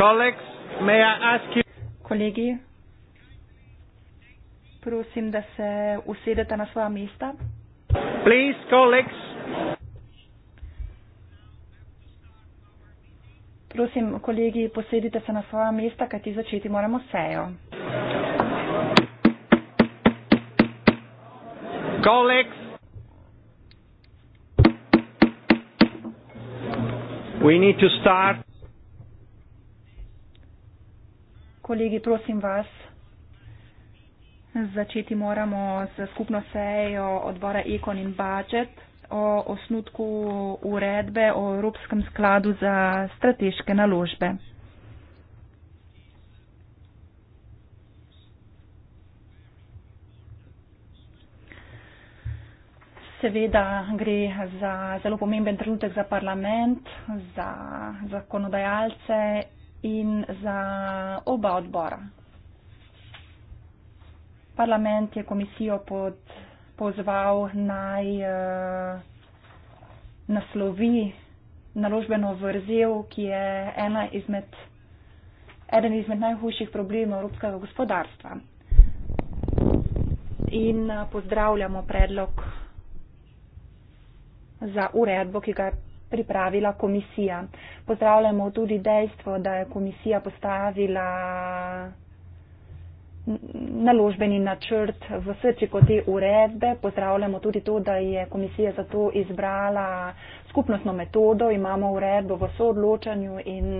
Colleagues, may I ask you... Kolegi, prosim, da se usedete na svoja mesta. Please, colleagues. Prosim, kolegi, posedite se na svoja mesta, kaj ti začeti moramo sejo. Colleagues. We need to start. kolegi, prosim vas, začeti moramo z skupno sejo odbora Ekon in Budget o osnutku uredbe o Evropskem skladu za strateške naložbe. Seveda gre za zelo pomemben trenutek za parlament, za zakonodajalce in za oba odbora. Parlament je komisijo pod, pozval naj uh, naslovi naložbeno vrzel, ki je ena izmed, eden izmed najhujših problemov evropskega gospodarstva. In uh, pozdravljamo predlog za uredbo, ki ga je pripravila komisija. Pozdravljamo tudi dejstvo, da je komisija postavila naložbeni načrt v srčiko te uredbe. Pozdravljamo tudi to, da je komisija za to izbrala skupnostno metodo, imamo uredbo v soodločanju in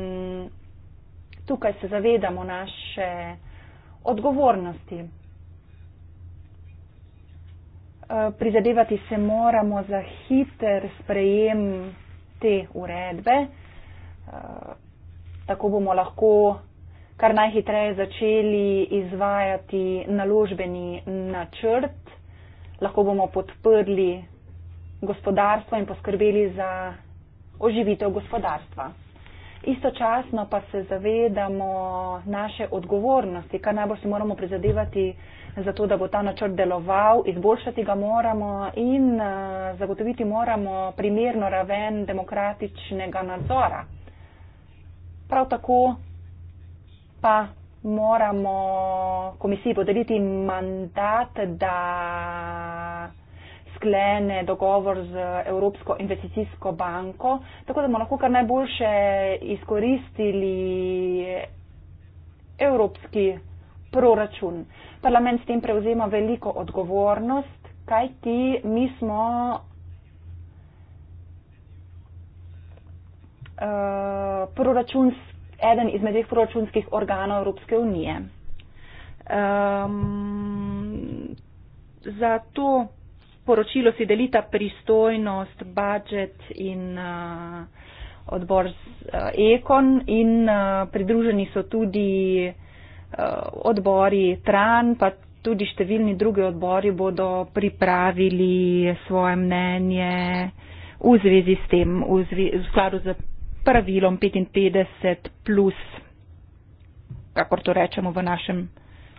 tukaj se zavedamo naše odgovornosti. Eh, prizadevati se moramo za hiter sprejem te uredbe. Eh, tako bomo lahko kar najhitreje začeli izvajati naložbeni načrt, lahko bomo podprli gospodarstvo in poskrbeli za oživitev gospodarstva istočasno pa se zavedamo naše odgovornosti, kaj najbolj si moramo prizadevati za to, da bo ta načrt deloval, izboljšati ga moramo in eh, zagotoviti moramo primerno raven demokratičnega nadzora. Prav tako pa moramo komisiji podeliti mandat, da sklene dogovor z Evropsko investicijsko banko, tako da bomo lahko kar najboljše izkoristili evropski proračun. Parlament s tem prevzema veliko odgovornost, kaj ti mi smo. Eh, proračun, eden izmed dveh proračunskih organov Evropske unije. Um, zato poročilo si delita pristojnost, budžet in uh, odbor z uh, Ekon in uh, pridruženi so tudi uh, odbori Tran, pa tudi številni drugi odbori bodo pripravili svoje mnenje v zvezi s tem, v, zvezi, v skladu z pravilom 55 plus, kakor to rečemo v našem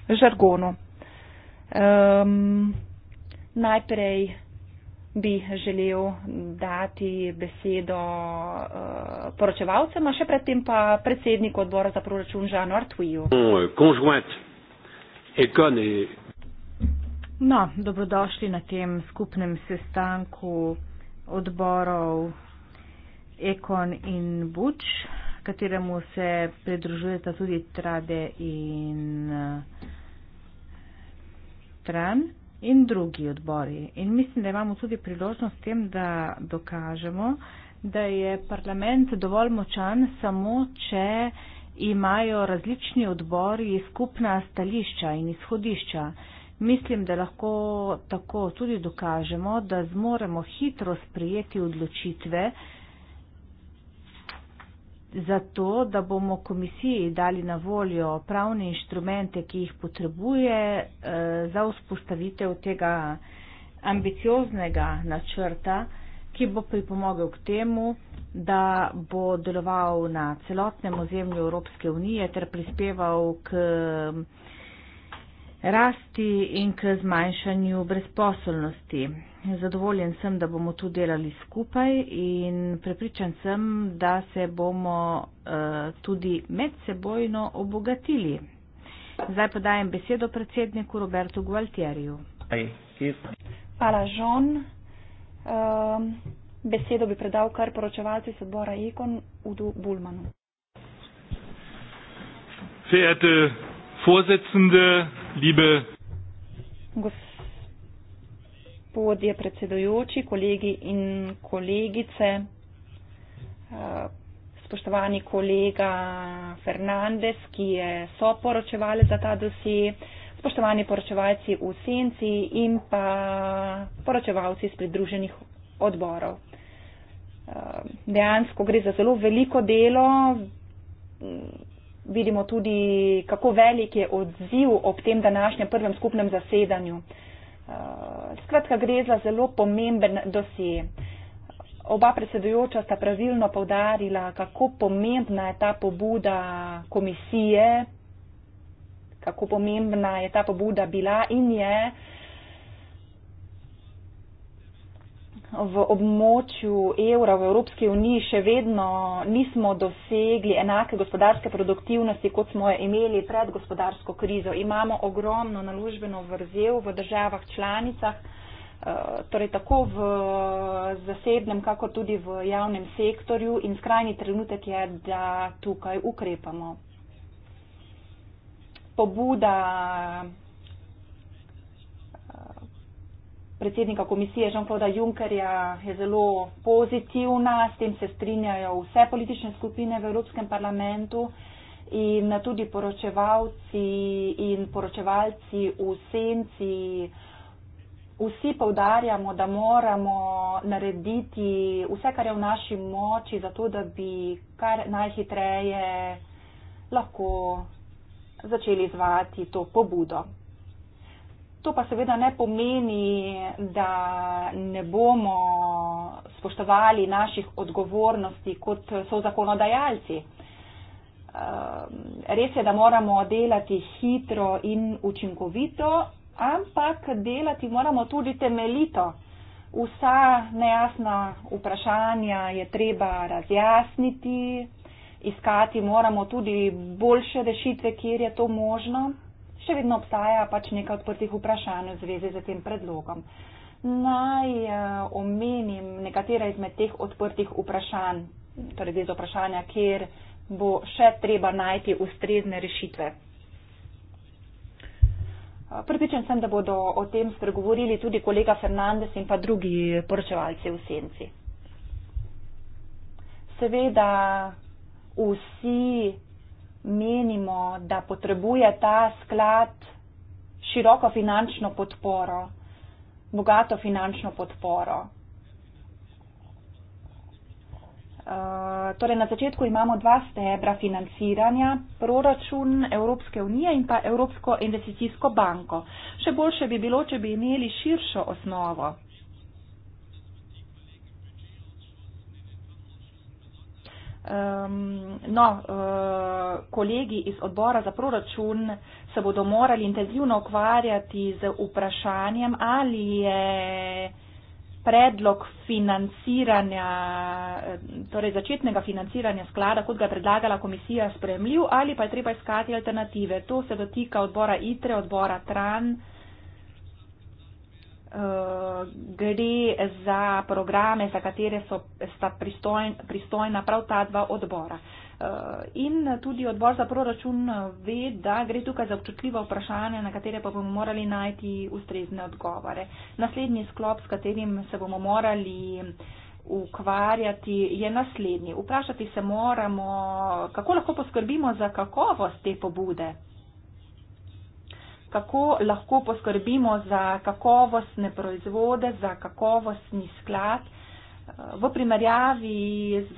žargonu. Um, Najprej bi želel dati besedo uh, eh, poročevalcema, še predtem pa predsedniku odbora za proračun Žanu Artuiju. No, dobrodošli na tem skupnem sestanku odborov Ekon in Buč, kateremu se pridružujeta tudi Trade in uh, Tran in drugi odbori. In mislim, da imamo tudi priložnost s tem, da dokažemo, da je parlament dovolj močan samo, če imajo različni odbori skupna stališča in izhodišča. Mislim, da lahko tako tudi dokažemo, da zmoremo hitro sprijeti odločitve, zato, da bomo komisiji dali na voljo pravne inštrumente, ki jih potrebuje eh, za vzpostavitev tega ambicioznega načrta, ki bo pripomogel k temu, da bo deloval na celotnem ozemlju Evropske unije ter prispeval k eh, rasti in k zmanjšanju brezposelnosti. Zadovoljen sem, da bomo tu delali skupaj in prepričan sem, da se bomo eh, tudi medsebojno obogatili. Zdaj pa dajem besedo predsedniku Robertu Gualtieriju. Hvala, Žon. Ehm, besedo bi predal kar poročevalci sodbora Ikon Udu Bulmanu. Verjete, vorsedzende, liebe. Gospod gospodje predsedujoči, kolegi in kolegice, eh, spoštovani kolega Fernandez, ki je soporočevalec za ta dosje, spoštovani poročevalci v senci in pa poročevalci iz pridruženih odborov. Eh, dejansko gre za zelo veliko delo. Vidimo tudi, kako velik je odziv ob tem današnjem prvem skupnem zasedanju. Eh, skratka, gre za zelo pomemben dosje. Oba predsedujoča sta pravilno povdarila, kako pomembna je ta pobuda komisije, kako pomembna je ta pobuda bila in je. Uh, v območju evra, v Evropski uniji, še vedno nismo dosegli enake gospodarske produktivnosti, kot smo jo imeli pred gospodarsko krizo. Imamo ogromno naložbeno vrzel v državah članicah, eh, torej tako v zasebnem, kako tudi v javnem sektorju in skrajni trenutek je, da tukaj ukrepamo. Pobuda predsednika komisije Jean-Claude Junckerja je zelo pozitivna, s tem se strinjajo vse politične skupine v Evropskem parlamentu in tudi poročevalci in poročevalci v senci. Vsi povdarjamo, da moramo narediti vse, kar je v naši moči, zato da bi kar najhitreje lahko začeli izvajati to pobudo. To pa seveda ne pomeni, da ne bomo spoštovali naših odgovornosti kot so zakonodajalci. Ehm, res je, da moramo delati hitro in učinkovito, ampak delati moramo tudi temeljito. Vsa nejasna vprašanja je treba razjasniti, iskati moramo tudi boljše rešitve, kjer je to možno še vedno obstaja pač nekaj odprtih vprašanj v zvezi z tem predlogom. Naj eh, omenim nekatera izmed teh odprtih vprašanj, torej gre za vprašanja, kjer bo še treba najti ustrezne rešitve. Eh, Pripričan sem, da bodo o tem spregovorili tudi kolega Fernandez in pa drugi poročevalci v senci. Seveda vsi menimo, da potrebuje ta sklad široko finančno podporo, bogato finančno podporo. Uh, torej na začetku imamo dva stebra financiranja, proračun Evropske unije in pa Evropsko investicijsko banko. Še boljše bi bilo, če bi imeli širšo osnovo. um, no, uh, kolegi iz odbora za proračun se bodo morali intenzivno ukvarjati z vprašanjem, ali je predlog financiranja, eh, torej začetnega financiranja sklada, kot ga je predlagala komisija, spremljiv ali pa je treba iskati alternative. To se dotika odbora ITRE, odbora TRAN. Eh, gre za programe, za katere so, sta pristojn, pristojna prav ta dva odbora. Eh, in tudi odbor za proračun eh, ve, da gre tukaj za občutljiva vprašanja, na katere pa bomo morali najti ustrezne odgovore. Naslednji sklop, s katerim se bomo morali ukvarjati, je naslednji. Vprašati se moramo, kako lahko poskrbimo za kakovost te pobude kako lahko poskrbimo za kakovostne proizvode, za kakovostni sklad eh, v primerjavi z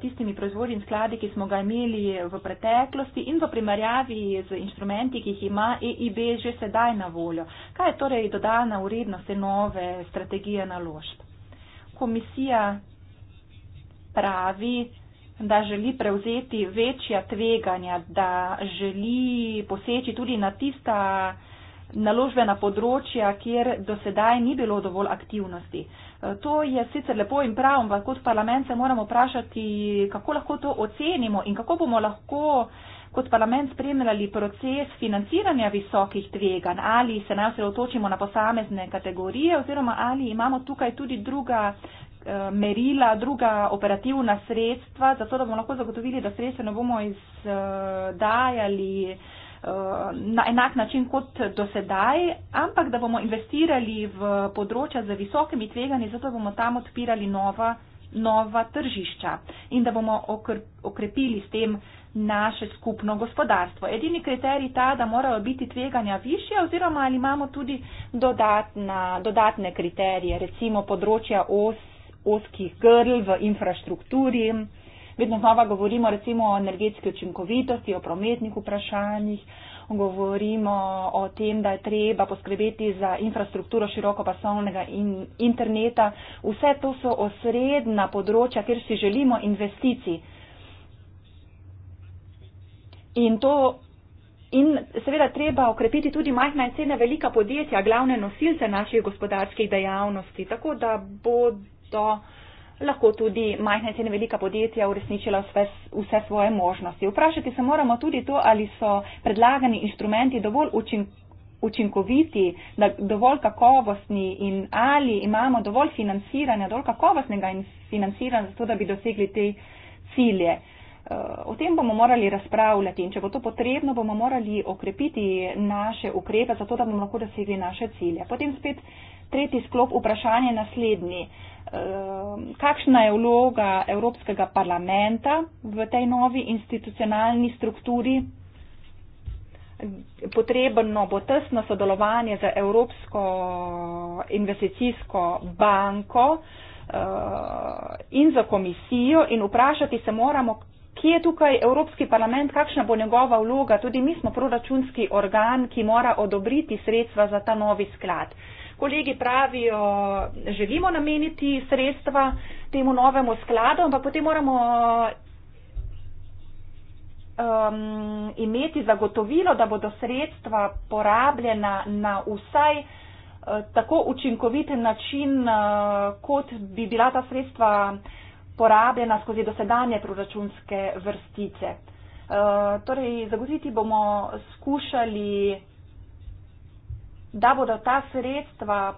tistimi proizvodi in skladi, ki smo ga imeli v preteklosti in v primerjavi z inštrumenti, ki jih ima EIB že sedaj na voljo. Kaj je torej dodana vrednost te nove strategije naložb? Komisija pravi, da želi prevzeti večja tveganja, da želi poseči tudi na tista naložbena področja, kjer do sedaj ni bilo dovolj aktivnosti. E, to je sicer lepo in prav, ampak kot parlament se moramo vprašati, kako lahko to ocenimo in kako bomo lahko kot parlament spremljali proces financiranja visokih tveganj, ali se naj osredotočimo na posamezne kategorije oziroma ali imamo tukaj tudi druga Eh, merila, druga operativna sredstva, zato da bomo lahko zagotovili, da sredstva ne bomo izdajali eh, na enak način kot dosedaj, ampak da bomo investirali v področja z visokimi tveganji, zato bomo tam odpirali nova, nova tržišča in da bomo okrepili s tem naše skupno gospodarstvo. Edini kriterij ta, da morajo biti tveganja više oziroma ali imamo tudi dodatna, dodatne kriterije, recimo področja OS ozkih grl v infrastrukturi. Vedno znova govorimo recimo o energetski učinkovitosti, o prometnih vprašanjih, govorimo o tem, da je treba poskrbeti za infrastrukturo širokopasovnega in interneta. Vse to so osredna področja, kjer si želimo investicij. In, to, in seveda treba okrepiti tudi majhna in cene velika podjetja, glavne nosilce naših gospodarskih dejavnosti, tako da bodo bodo lahko tudi majhna in velika podjetja uresničila vse, vse svoje možnosti. Vprašati se moramo tudi to, ali so predlagani inštrumenti dovolj učinkoviti, dovolj kakovostni in ali imamo dovolj financiranja, dovolj kakovostnega financiranja, zato da bi dosegli te cilje. Eh, o tem bomo morali razpravljati in če bo to potrebno, bomo morali okrepiti naše ukrepe, zato da bomo lahko dosegli naše cilje. Potem spet tretji sklop vprašanja je naslednji. Ehm, kakšna je vloga Evropskega parlamenta v tej novi institucionalni strukturi? Potrebno bo tesno sodelovanje za Evropsko investicijsko banko ehm, in za komisijo in vprašati se moramo, kje je tukaj Evropski parlament, kakšna bo njegova vloga. Tudi mi smo proračunski organ, ki mora odobriti sredstva za ta novi sklad kolegi pravijo, želimo nameniti sredstva temu novemu skladu, ampak potem moramo um, imeti zagotovilo, da bodo sredstva porabljena na vsaj eh, tako učinkoviten način, eh, kot bi bila ta sredstva porabljena skozi dosedanje proračunske vrstice. Eh, torej, zagotoviti bomo skušali da bodo ta sredstva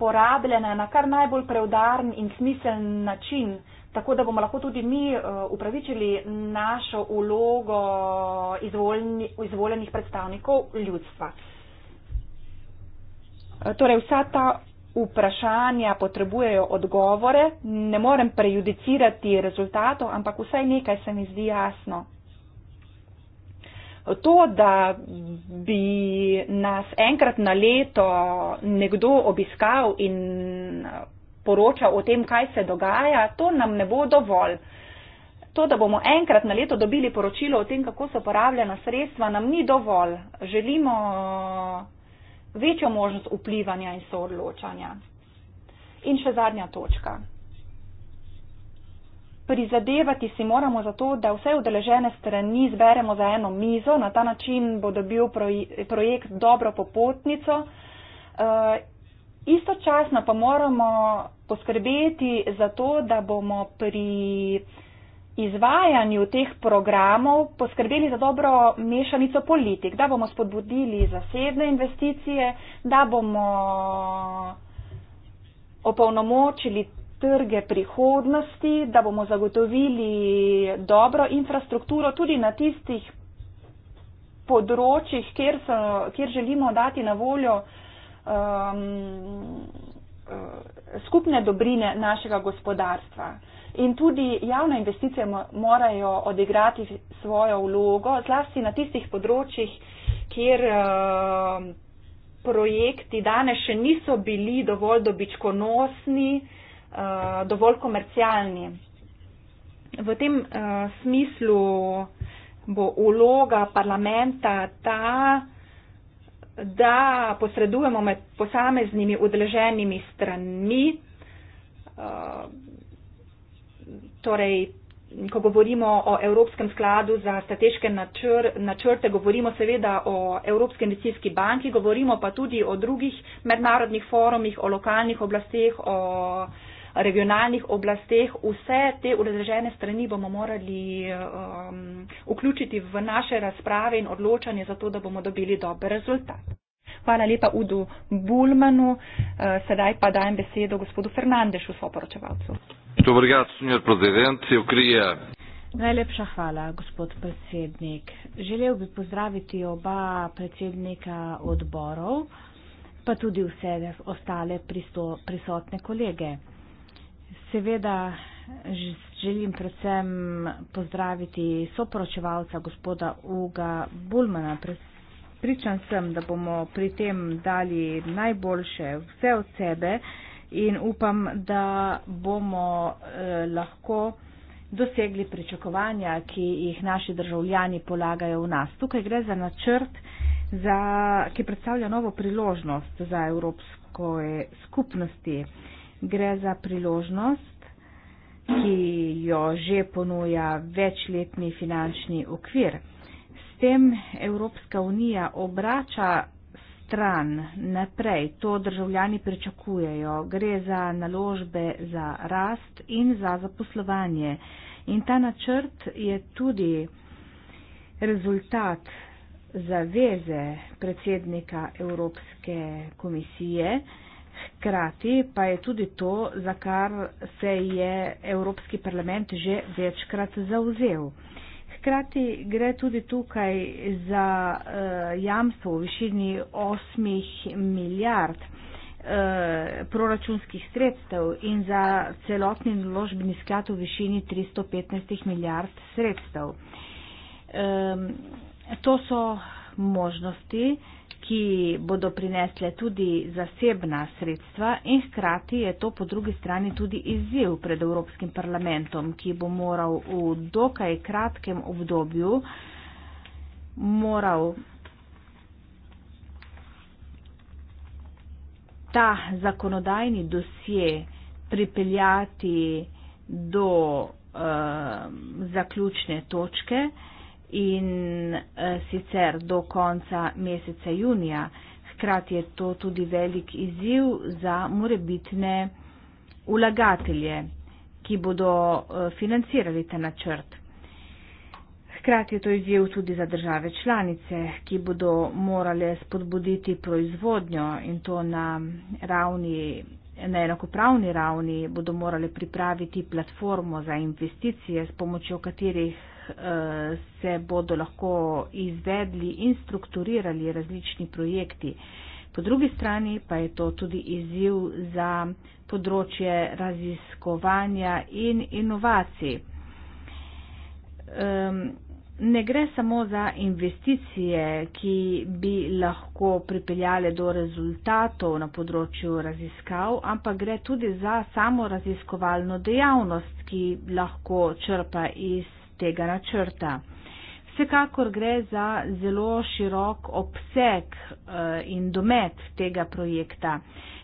porabljena na kar najbolj preudarn in smiseln način, tako da bomo lahko tudi mi eh, upravičili našo ulogo izvoljni, izvoljenih predstavnikov ljudstva. Eh, torej, vsa ta vprašanja potrebujejo odgovore, ne morem prejudicirati rezultatov, ampak vsaj nekaj se mi zdi jasno. To, da bi nas enkrat na leto nekdo obiskal in eh, poročal o tem, kaj se dogaja, to nam ne bo dovolj. To, da bomo enkrat na leto dobili poročilo o tem, kako so uporabljena sredstva, nam ni dovolj. Želimo eh, večjo možnost vplivanja in soodločanja. In še zadnja točka prizadevati si moramo za to, da vse udeležene strani zberemo za eno mizo, na ta način bo dobil proje projekt dobro popotnico. E, istočasno pa moramo poskrbeti za to, da bomo pri izvajanju teh programov poskrbeli za dobro mešanico politik, da bomo spodbudili zasebne investicije, da bomo opolnomočili trge prihodnosti, da bomo zagotovili dobro infrastrukturo tudi na tistih področjih, kjer, so, kjer želimo dati na voljo um, uh, skupne dobrine našega gospodarstva. In tudi javne investicije morajo odigrati svojo vlogo, zlasti na tistih področjih, kjer um, projekti danes še niso bili dovolj dobičkonosni, uh, Eh, dovolj komercialni. V tem uh, smislu bo uloga parlamenta ta, da posredujemo med posameznimi udeleženimi stranmi, uh, torej, ko govorimo o Evropskem skladu za strateške načr načrte, govorimo seveda o Evropski investicijski banki, govorimo pa tudi o drugih mednarodnih forumih, o lokalnih oblasteh, o regionalnih oblasteh, vse te udeležene strani bomo morali um, vključiti v naše razprave in odločanje, zato da bomo dobili dober rezultat. Hvala lepa Udu Bulmanu, eh, sedaj pa dajem besedo gospodu Fernandešu, soporočevalcu. Najlepša hvala, gospod predsednik. Želel bi pozdraviti oba predsednika odborov, pa tudi vse ostale pristo, prisotne kolege. Seveda želim predvsem pozdraviti soporočevalca gospoda Uga Bulmana. Pričan sem, da bomo pri tem dali najboljše vse od sebe in upam, da bomo eh, lahko dosegli pričakovanja, ki jih naši državljani polagajo v nas. Tukaj gre za načrt, za, ki predstavlja novo priložnost za evropske skupnosti. Eh, gre za priložnost, ki jo že ponuja večletni finančni okvir. S tem Evropska unija obrača stran naprej, to državljani pričakujejo, gre za naložbe za rast in za zaposlovanje. In ta načrt je tudi rezultat zaveze predsednika Evropske komisije, Hkrati pa je tudi to, za kar se je Evropski parlament že večkrat zauzel. Hkrati gre tudi tukaj za uh, jamstvo v višini 8 milijard eh, proračunskih sredstev in za celotni naložbeni sklad v višini 315 milijard sredstev. Ehm, to so možnosti, ki bodo prinesle tudi zasebna sredstva in hkrati je to po drugi strani tudi izziv pred Evropskim parlamentom, ki bo moral v dokaj kratkem obdobju moral ta zakonodajni dosje pripeljati do uh, zaključne točke in eh, sicer do konca meseca junija. Hkrati je to tudi velik izziv za morebitne ulagatelje, ki bodo eh, financirali ta načrt. Hkrati je to izjev tudi za države članice, ki bodo morale spodbuditi proizvodnjo in to na, ravni, na enakopravni ravni, bodo morale pripraviti platformo za investicije, s pomočjo katerih se bodo lahko izvedli in strukturirali različni projekti. Po drugi strani pa je to tudi izziv za področje raziskovanja in inovacij. Ne gre samo za investicije, ki bi lahko pripeljale do rezultatov na področju raziskav, ampak gre tudi za samo raziskovalno dejavnost, ki lahko črpa iz tega načrta. Vsekakor gre za zelo širok obseg eh, in domet tega projekta.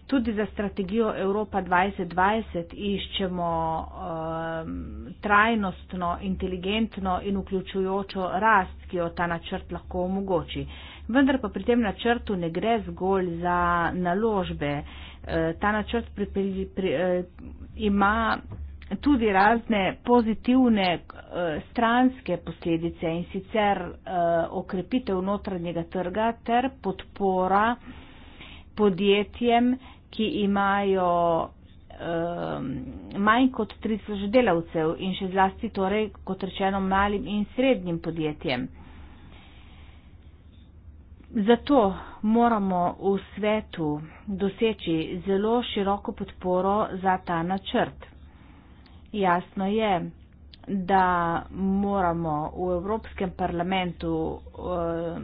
Tudi za strategijo Evropa 2020 iščemo eh, trajnostno, inteligentno in vključujočo rast, ki jo ta načrt lahko omogoči. Vendar pa pri tem načrtu ne gre zgolj za naložbe. Eh, ta načrt pripri, pri, ima tudi razne pozitivne eh, stranske posledice in sicer eh, okrepitev notranjega trga ter podpora podjetjem, ki imajo eh, manj kot 30 delavcev in še zlasti torej, kot rečeno, malim in srednjim podjetjem. Zato moramo v svetu doseči zelo široko podporo za ta načrt. Jasno je, da moramo v Evropskem parlamentu eh,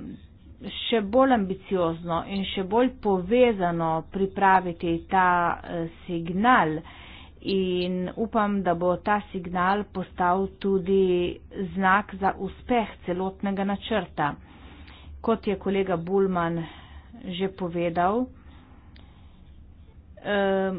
še bolj ambiciozno in še bolj povezano pripraviti ta eh, signal in upam, da bo ta signal postal tudi znak za uspeh celotnega načrta. Kot je kolega Bulman že povedal, eh,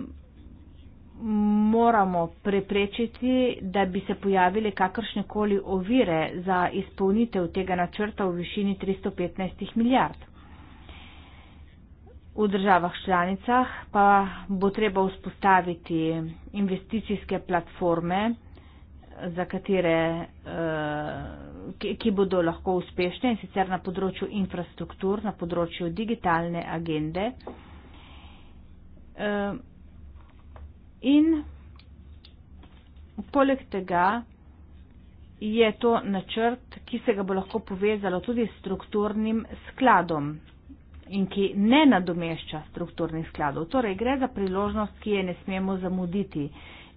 moramo preprečiti, da bi se pojavile kakršne koli ovire za izpolnitev tega načrta v višini 315 milijard. V državah članicah pa bo treba vzpostaviti investicijske platforme, katere, eh, ki bodo lahko uspešne in sicer na področju infrastruktur, na področju digitalne agende. Eh, in Poleg tega je to načrt, ki se ga bo lahko povezalo tudi s strukturnim skladom in ki ne nadomešča strukturnih skladov. Torej gre za priložnost, ki je ne smemo zamuditi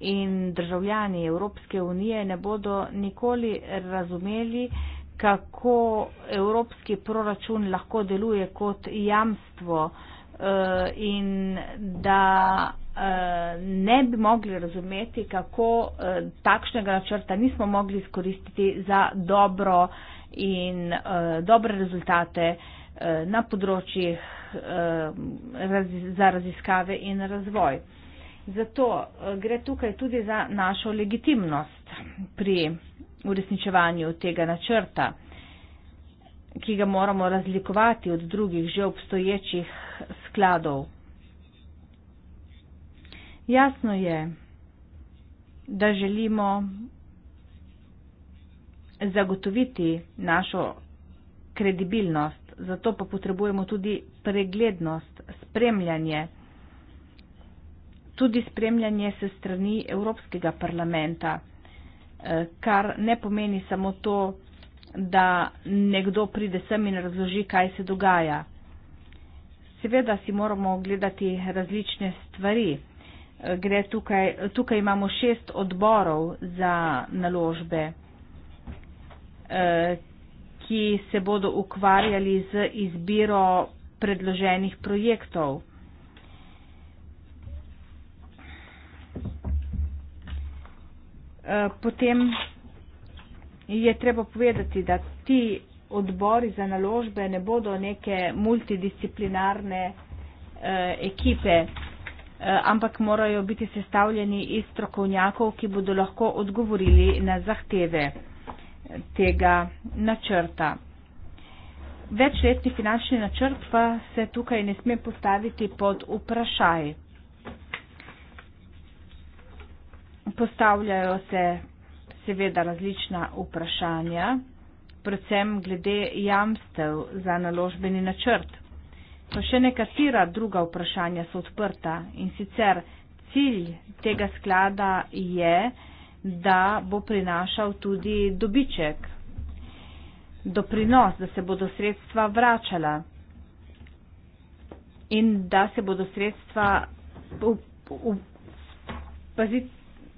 in državljani Evropske unije ne bodo nikoli razumeli, kako evropski proračun lahko deluje kot jamstvo eh, in da ne bi mogli razumeti, kako eh, takšnega načrta nismo mogli izkoristiti za dobro in eh, dobre rezultate eh, na področjih za raziskave in razvoj. Zato gre tukaj tudi za našo legitimnost pri uresničevanju tega načrta, ki ga moramo razlikovati od drugih že obstoječih skladov, Jasno je, da želimo zagotoviti našo kredibilnost, zato pa potrebujemo tudi preglednost, spremljanje, tudi spremljanje se strani Evropskega parlamenta, eh, kar ne pomeni samo to, da nekdo pride sem in razloži, kaj se dogaja. Seveda si moramo gledati različne stvari, gre tukaj, tukaj imamo šest odborov za naložbe, eh, ki se bodo ukvarjali z izbiro predloženih projektov. Eh, potem je treba povedati, da ti odbori za naložbe ne bodo neke multidisciplinarne eh, ekipe, Eh, ampak morajo biti sestavljeni iz strokovnjakov, ki bodo lahko odgovorili na zahteve eh, tega načrta. Večletni finančni načrt pa se tukaj ne sme postaviti pod vprašaj. Postavljajo se seveda različna vprašanja, predvsem glede jamstev za naložbeni načrt. Pa še nekatera druga vprašanja so odprta in sicer cilj tega sklada je, da bo prinašal tudi dobiček, doprinos, da se bodo sredstva vračala in da se bodo sredstva, paziti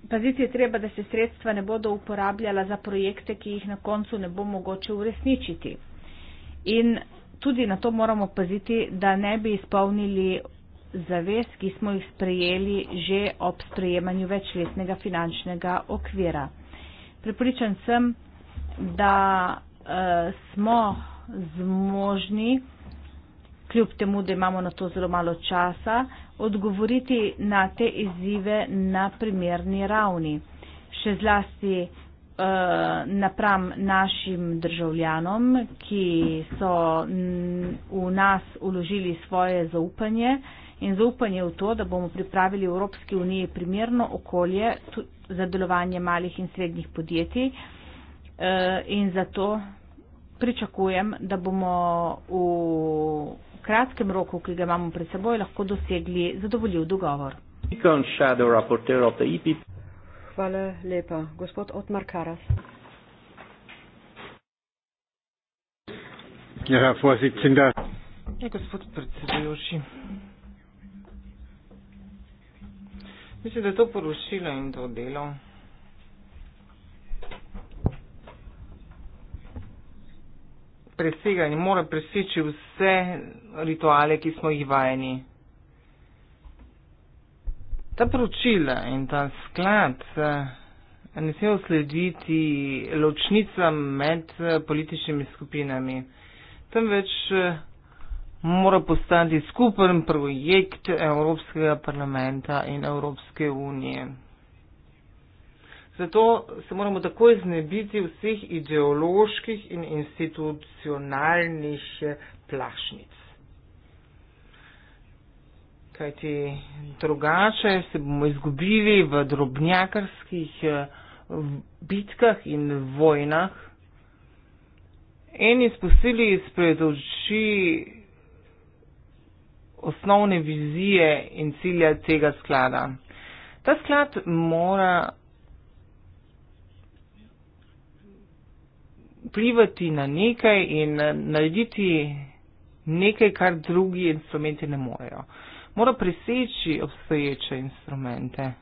pazit je treba, da se sredstva ne bodo uporabljala za projekte, ki jih na koncu ne bo mogoče uresničiti. In tudi na to moramo paziti, da ne bi izpolnili zavez, ki smo jih sprejeli že ob sprejemanju večletnega finančnega okvira. Pripričan sem, da uh, smo zmožni, kljub temu, da imamo na to zelo malo časa, odgovoriti na te izzive na primerni ravni. Še zlasti Eh, napram našim državljanom, ki so v nas uložili svoje zaupanje in zaupanje v to, da bomo pripravili v Evropski uniji primerno okolje za delovanje malih in srednjih podjetij. Eh, in zato pričakujem, da bomo v kratkem roku, ki ga imamo pred seboj, lahko dosegli zadovoljiv dogovor. Hvala lepa. Gospod Otmar Karas. Ja, ja, gospod predsedujoči. Mislim, da je to porušilo in to delo. Preseganje mora preseči vse rituale, ki smo jih vajeni ta poročila in ta sklad eh, ne sme uslediti ločnicam med eh, političnimi skupinami, temveč eh, mora postati skupen projekt Evropskega parlamenta in Evropske unije. Zato se moramo takoj znebiti vseh ideoloških in institucionalnih plašnic kajti drugače se bomo izgubili v drobnjakarskih eh, bitkah in vojnah in izpustili izpred oči osnovne vizije in cilja tega sklada. Ta sklad mora vplivati na nekaj in eh, narediti nekaj, kar drugi instrumenti ne morejo mora preseči obstoječe instrumente.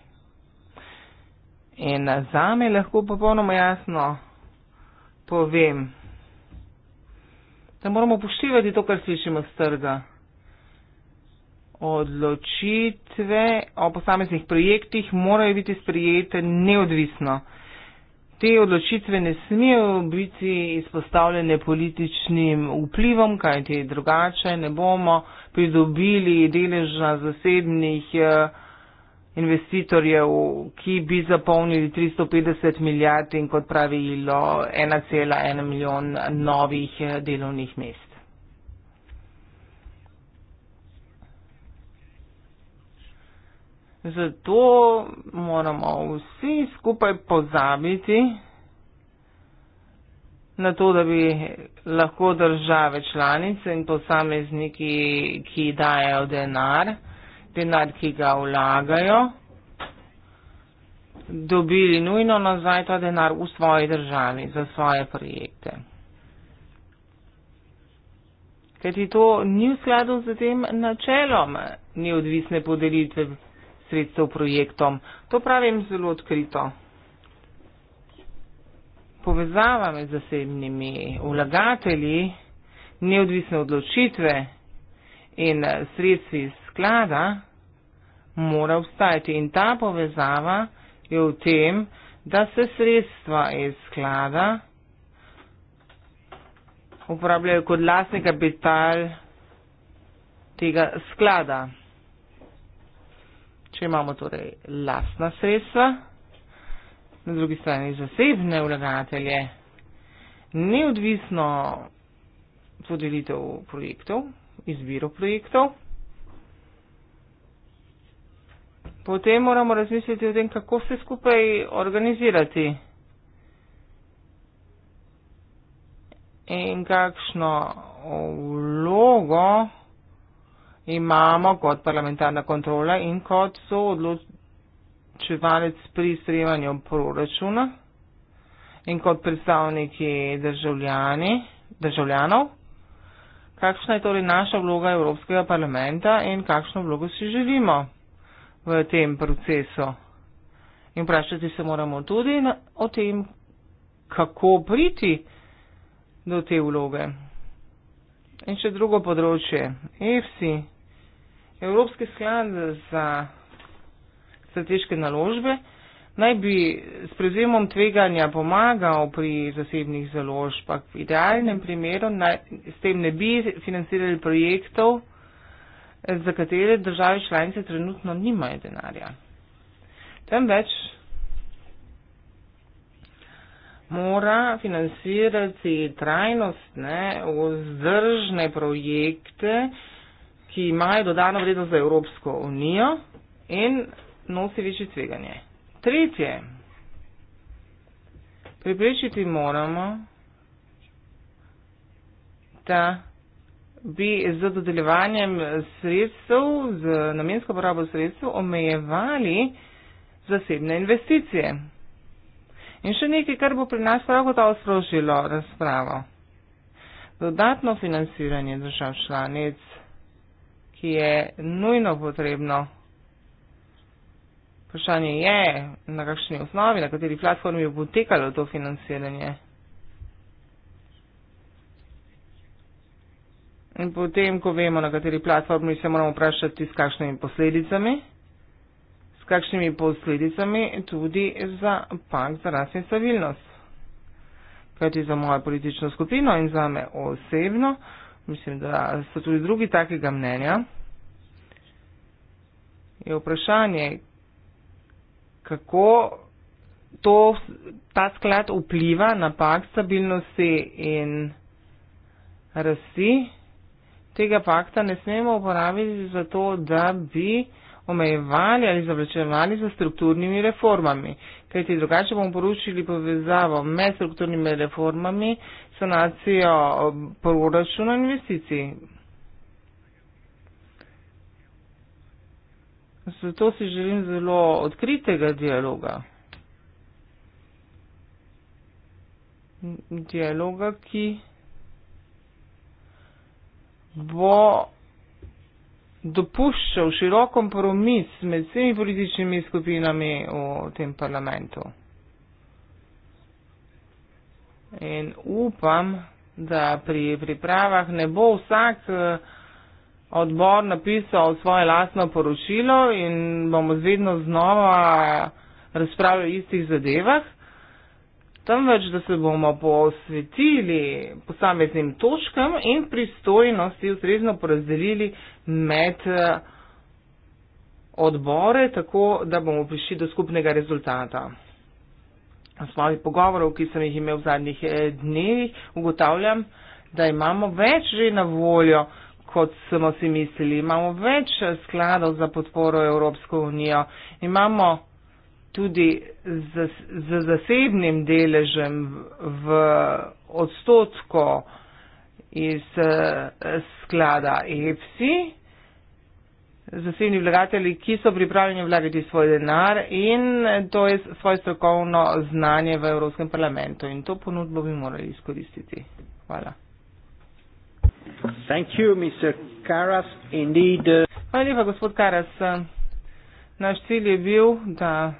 In za me lahko popolnoma jasno povem, da moramo upoštevati to, kar slišimo z trga. Odločitve o posameznih projektih morajo biti sprejete neodvisno te odločitve ne smijo biti izpostavljene političnim vplivom, kajti drugače ne bomo pridobili deleža zasebnih eh, investitorjev, ki bi zapolnili 350 milijard in kot pravilo 1,1 milijon novih eh, delovnih mest. Zato moramo vsi skupaj pozabiti na to, da bi lahko države članice in posamezniki, ki dajo denar, denar, ki ga vlagajo, dobili nujno nazaj ta denar v svoji državi za svoje projekte. Ker ti to ni v skladu z tem načelom neodvisne podelitve sredstev projektom. To pravim zelo odkrito. Povezava med zasebnimi vlagatelji, neodvisne odločitve in sredstvi sklada mora obstajati. In ta povezava je v tem, da se sredstva iz sklada uporabljajo kot lastni kapital tega sklada. Če imamo torej lastna sredstva, na drugi strani zasebne vlagatelje, neodvisno podelitev projektov, izbiro projektov, potem moramo razmisliti o tem, kako se skupaj organizirati in kakšno vlogo imamo kot parlamentarna kontrola in kot soodločevalec pri srevanju proračuna in kot predstavniki državljani, državljanov, kakšna je torej naša vloga Evropskega parlamenta in kakšno vlogo si želimo v tem procesu. In vprašati se moramo tudi na, o tem, kako priti do te vloge. In še drugo področje, EFSI. Evropski sklad za strateške naložbe naj bi s prevzemom tveganja pomagal pri zasebnih založbah. V idealnem primeru naj, s tem ne bi financirali projektov, za katere države članice trenutno nimajo denarja. Temveč mora financirati trajnostne, vzdržne projekte, ki imajo dodano vrednost za Evropsko unijo in nosi večje tveganje. Tretje, pripričiti moramo, da bi z dodeljevanjem sredstev, z namensko porabo sredstev omejevali zasebne investicije. In še nekaj, kar bo pri nas prav gotovo sprožilo razpravo. Dodatno financiranje držav članic ki je nujno potrebno. Vprašanje je, na kakšni osnovi, na kateri platformi bo tekalo to financiranje. In potem, ko vemo, na kateri platformi se moramo vprašati s kakšnimi posledicami, s kakšnimi posledicami tudi za pak za rast in stabilnost. Kajti za mojo politično skupino in za me osebno mislim, da so tudi drugi takega mnenja, je vprašanje, kako to, ta sklad vpliva na pak stabilnosti in rasti. Tega pakta ne smemo uporabiti zato, da bi omejevali ali zavlačevali za strukturnimi reformami. Kajti drugače bomo poručili povezavo med strukturnimi reformami, sanacija eh, proračuna investicij. Zato si želim zelo odkritega dialoga. Dialoga, ki bo dopuščal širok kompromis med vsemi političnimi skupinami v tem parlamentu. In upam, da pri pripravah ne bo vsak eh, odbor napisal svoje lastno poročilo in bomo vedno znova razpravljali o istih zadevah, temveč da se bomo posvetili posameznim točkam in pristojnosti ustrezno porazdelili med eh, odbore, tako da bomo prišli do skupnega rezultata osnovi pogovorov, ki sem jih imel v zadnjih eh, dneh, ugotavljam, da imamo več že na voljo, kot smo si mislili. Imamo več eh, skladov za podporo Evropsko unijo. Imamo tudi z, z zasebnim deležem v odstotko iz eh, sklada EFSI zasebni vlagatelji, ki so pripravljeni vlagati svoj denar in to je svoje strokovno znanje v Evropskem parlamentu in to ponudbo bi morali izkoristiti. Hvala. Uh, Hvala lepa, gospod Karas. Naš cilj je bil, da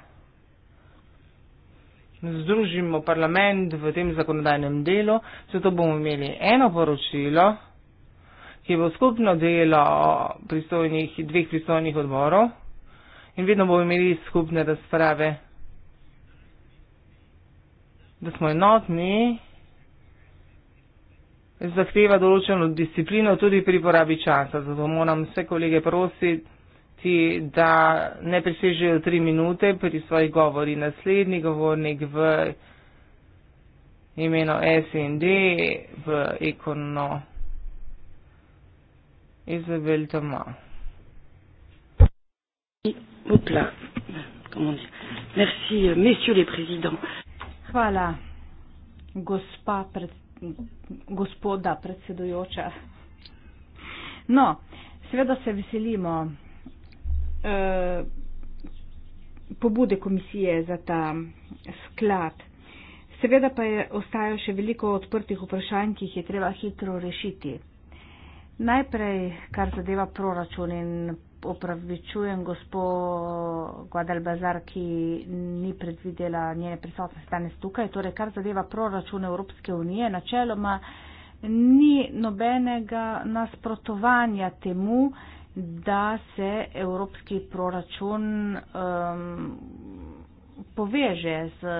združimo parlament v tem zakonodajnem delu, zato bomo imeli eno poročilo ki bo skupno delo pristojnih, dveh pristojnih odborov in vedno bomo imeli skupne razprave, da smo enotni, zahteva določeno disciplino tudi pri porabi časa. Zato moram vse kolege prositi, da ne presežejo tri minute pri svojih govori. Naslednji govornik v imenu SND v ekonomiji. Isabelle Thomas. Merci, euh, messieurs les présidents. Hvala, gospa pred, gospoda predsedujoča. No, seveda se veselimo eh, pobude komisije za ta sklad. Seveda pa je ostajalo še veliko odprtih vprašanj, ki jih je treba hitro rešiti. Najprej, kar zadeva proračun in opravičujem gospo Guadalbazar, ki ni predvidela njene prisotnosti danes tukaj. Torej, kar zadeva proračun Evropske unije, načeloma ni nobenega nasprotovanja temu, da se evropski proračun um, poveže z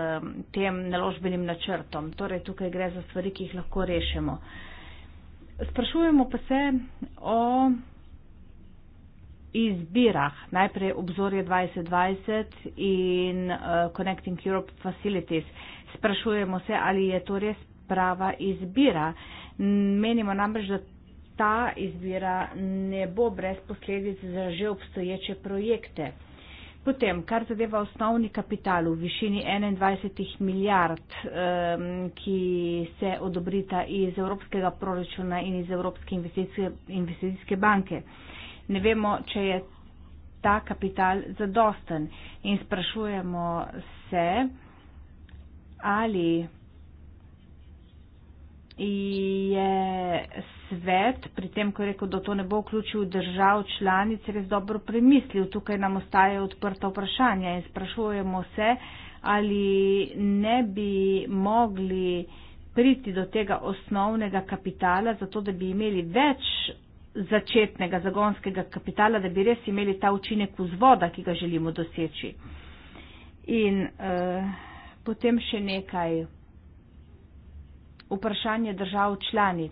tem naložbenim načrtom. Torej, tukaj gre za stvari, ki jih lahko rešimo. Uh, Sprašujemo pa se o izbirah. Najprej obzorje 2020 in uh, Connecting Europe Facilities. Sprašujemo se, ali je to res prava izbira. Menimo namreč, da ta izbira ne bo brez posledic za že obstoječe projekte. Potem, kar zadeva osnovni kapital v višini 21 milijard, ki se odobrita iz Evropskega proračuna in iz Evropske investicijske banke. Ne vemo, če je ta kapital zadosten in sprašujemo se, ali je svet pri tem, ko je rekel, da to ne bo vključil držav članic, res dobro premislil. Tukaj nam ostaje odprta vprašanja in sprašujemo se, ali ne bi mogli priti do tega osnovnega kapitala, zato da bi imeli več začetnega zagonskega kapitala, da bi res imeli ta učinek vzvoda, ki ga želimo doseči. In eh, potem še nekaj vprašanje držav članic.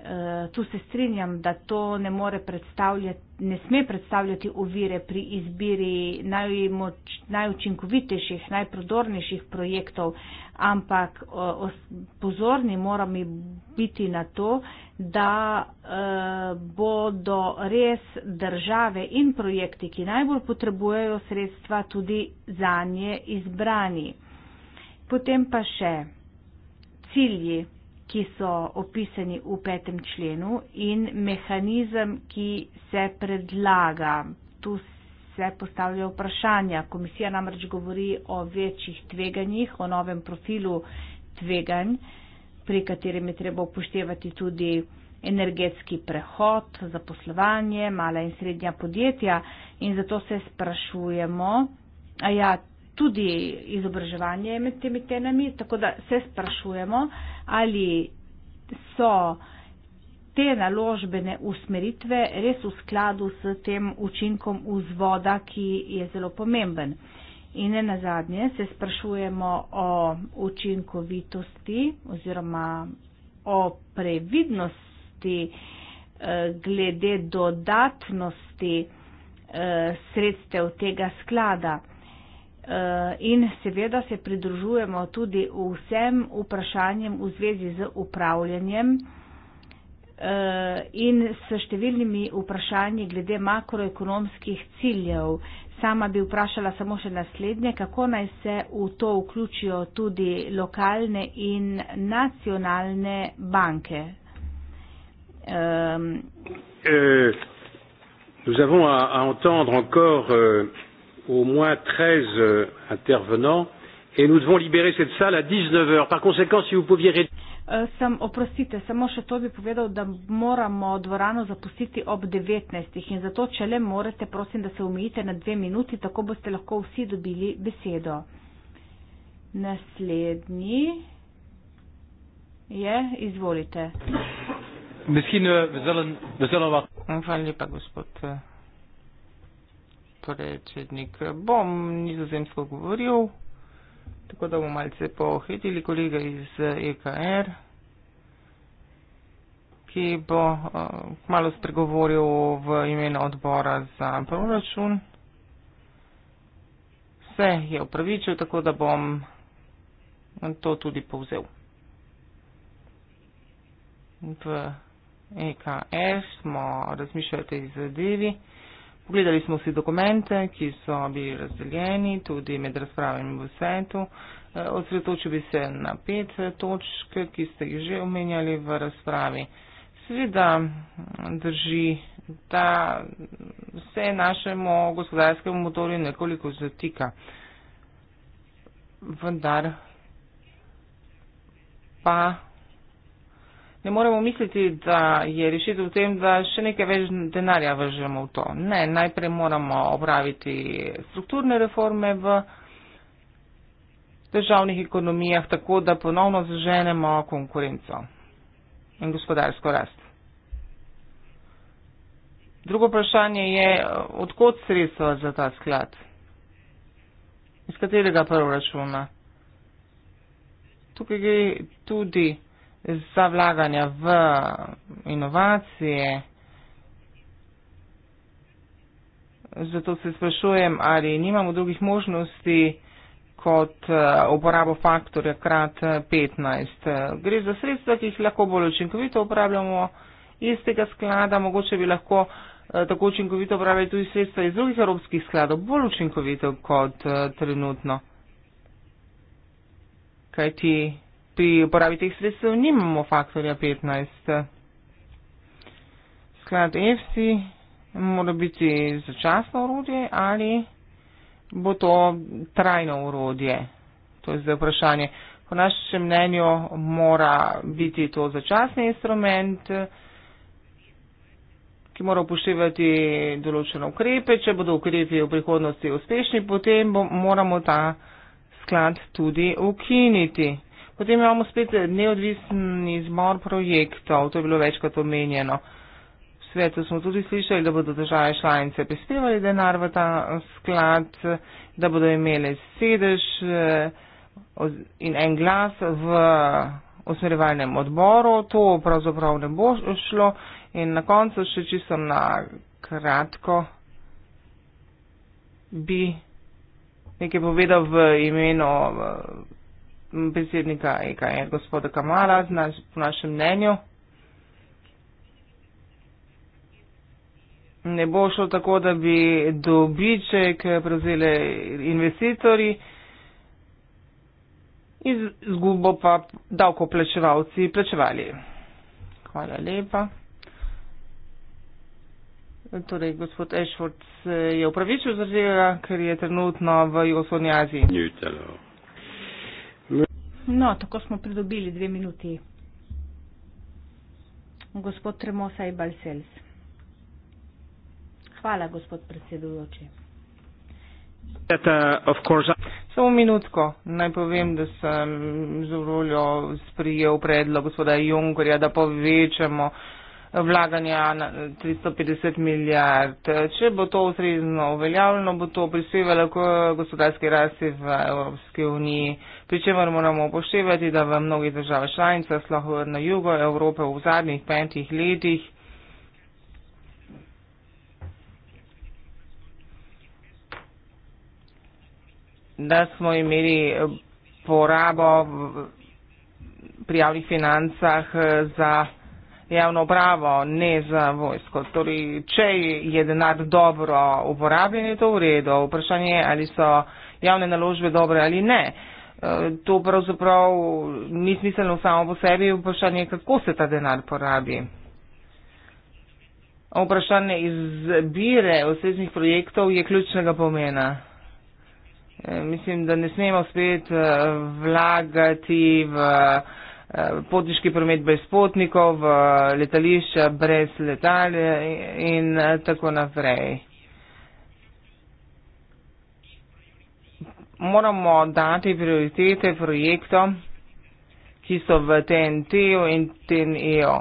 E, tu se strinjam, da to ne, more predstavljati, ne sme predstavljati ovire pri izbiri najmoč, najučinkovitejših, najprodornejših projektov, ampak e, pozorni moramo biti na to, da e, bodo res države in projekti, ki najbolj potrebujejo sredstva, tudi za nje izbrani. Potem pa še cilji, ki so opisani v petem členu in mehanizem, ki se predlaga. Tu se postavljajo vprašanja. Komisija namreč govori o večjih tveganjih, o novem profilu tveganj, pri katerem je treba upoštevati tudi energetski prehod, zaposlovanje, mala in srednja podjetja in zato se sprašujemo, a ja, tudi izobraževanje med temi temami, tako da se sprašujemo, ali so te naložbene usmeritve res v skladu s tem učinkom vzvoda, ki je zelo pomemben. In ne nazadnje se sprašujemo o učinkovitosti oziroma o previdnosti eh, glede dodatnosti eh, sredstev tega sklada. Eh, in seveda se pridružujemo tudi vsem vprašanjem v zvezi z upravljanjem eh, in s številnimi vprašanji glede makroekonomskih ciljev. Sama bi vprašala samo še naslednje, kako naj se v to vključijo tudi lokalne in nacionalne banke. Um, e, nous avons à, à entendre encore, uh, au moins treize euh, intervenants et nous devons libérer cette salle à dix neuf heures. Par conséquent, si vous pouviez euh, Sam, oprostite, samo še to bi povedal, da moramo dvorano zapustiti ob 19. in zato, če le morete, prosim, da se omejite na dve minuti, tako boste lahko vsi dobili besedo. Naslednji je, izvolite. Eh, Hvala lepa, gospod. Eh, torej predsednik, bom nizozemsko govoril, tako da bomo malce pohitili kolega iz EKR, eh, e ki bo uh, malo spregovoril v imenu odbora za proračun. Vse je upravičil, tako da bom to tudi povzel. V EKR smo razmišljali o tej zadevi. Pogledali smo vsi dokumente, ki so bili razdeljeni tudi med razpravami v svetu. E, osredotočil bi se na pet točk, ki ste jih že omenjali v razpravi. Seveda drži, da se našemu gospodarskemu motorju nekoliko zatika. Vendar pa ne moremo misliti, da je rešitev v tem, da še nekaj več denarja vržemo v to. Ne, najprej moramo opraviti strukturne reforme v državnih ekonomijah, tako da ponovno zaženemo konkurenco in gospodarsko rast. Drugo vprašanje je, odkot sredstva za ta sklad? Iz katerega proračuna? Tukaj gre tudi za vlaganja v inovacije. Zato se sprašujem, ali nimamo drugih možnosti kot eh, uporabo faktorja krat 15. Eh, Gre za sredstva, ki jih lahko bolj učinkovito uporabljamo iz tega sklada, mogoče bi lahko eh, tako učinkovito uporabljali tudi sredstva iz drugih evropskih skladov, bolj učinkovito kot trenutno. Kaj ti pri uporabi teh sredstev nimamo faktorja 15. Sklad EFSI mora biti začasno urodje ali bo to trajno urodje. To je zdaj vprašanje. Po našem mnenju mora biti to začasni instrument, ki mora upoštevati določene ukrepe. Če bodo ukrepi v prihodnosti uspešni, potem bo, moramo ta sklad tudi ukiniti. Potem imamo spet neodvisen izbor projektov, to je bilo večkrat omenjeno. V svetu smo tudi slišali, da bodo države članice prispevali denar v ta sklad, da bodo imele sedež eh, in en glas v usmerjevalnem odboru. To pravzaprav ne bo šlo. In na koncu še čisto na kratko bi nekaj povedal v imenu. V eh, predsednika EKR, gospoda Kamala, naš, po našem mnenju. Ne bo šlo tako, da bi dobiček prevzeli investitorji, izgubo pa davkoplačevalci plačevali. Hvala lepa. Torej, gospod Ashford se je upravičil za tega, ker je trenutno v Jugoslavni Aziji. Njutelo. No, tako smo pridobili dve minuti. Gospod Tremosa i Balsels. Hvala, gospod predsedujoči. That, uh, Samo minutko naj povem, da sem z voljo sprijel predlog gospoda Junkerja, da povečamo vlaganja na 350 milijard. Če bo to ustrezno uveljavljeno, bo to prispevalo k gospodarski rasti v Evropski uniji. Uh, pri čemer moramo upoštevati, da v mnogih državah članicah, sploh na jugu Evrope v zadnjih petih letih, da smo imeli porabo pri javnih financah za javno pravo, ne za vojsko. Torej, če je denar dobro uporabljen, je to v redu. Vprašanje je, ali so javne naložbe dobre ali ne. Uh, Eh, to pravzaprav ni smiselno samo po sebi, vprašanje je, kako se ta denar porabi. Vprašanje izbire osrednjih projektov je ključnega pomena. Eh, mislim, da ne smemo spet eh, vlagati v potniški promet brez potnikov, v letališča brez letalja in tako naprej. moramo dati prioritete projektom, ki so v TNT-ju in TNE-ju.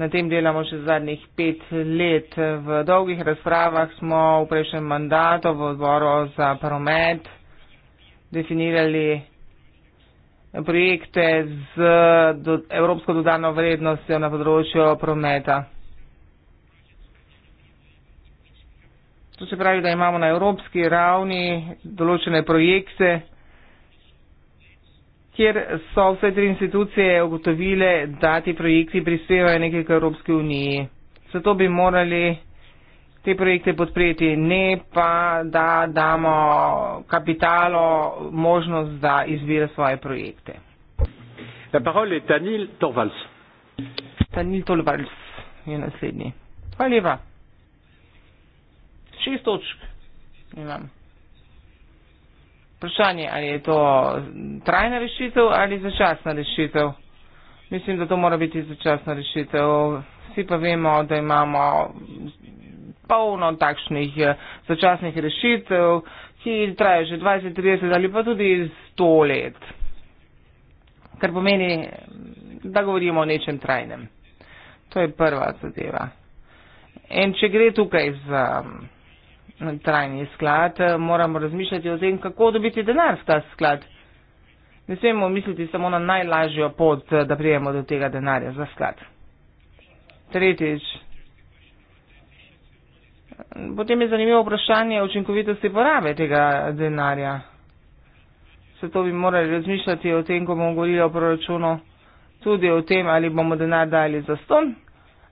Na tem delamo še zadnjih pet let. V dolgih razpravah smo v prejšnjem mandatu v odboru za promet definirali projekte z do, evropsko dodano vrednostjo na področju prometa. To se pravi, da imamo na evropski ravni določene projekte, kjer so vse tri institucije ugotovile, da ti projekti prispevajo nekaj k Evropski uniji. Zato bi morali te projekte podpreti, ne pa da damo kapitalo možnost, da izbira svoje projekte. La parole est Tanil Torvalds. Tanil Torvalds je naslednji. Hvala lepa šest točk imam. Vprašanje, ali je to trajna rešitev ali začasna rešitev. Mislim, da to mora biti začasna rešitev. Vsi pa vemo, da imamo polno takšnih eh, začasnih rešitev, ki trajajo že 20, 30 ali pa tudi 100 let. Kar pomeni, da govorimo o nečem trajnem. To je prva zadeva. In če gre tukaj za. Um, trajni sklad, eh, moramo razmišljati o tem, kako dobiti denar v ta sklad. Ne smemo misliti samo na najlažjo pot, eh, da prijemo do tega denarja za sklad. Tretjič. Potem je zanimivo vprašanje učinkovitosti porabe tega denarja. Zato bi morali razmišljati o tem, ko bomo govorili o proračunu, tudi o tem, ali bomo denar dali za ston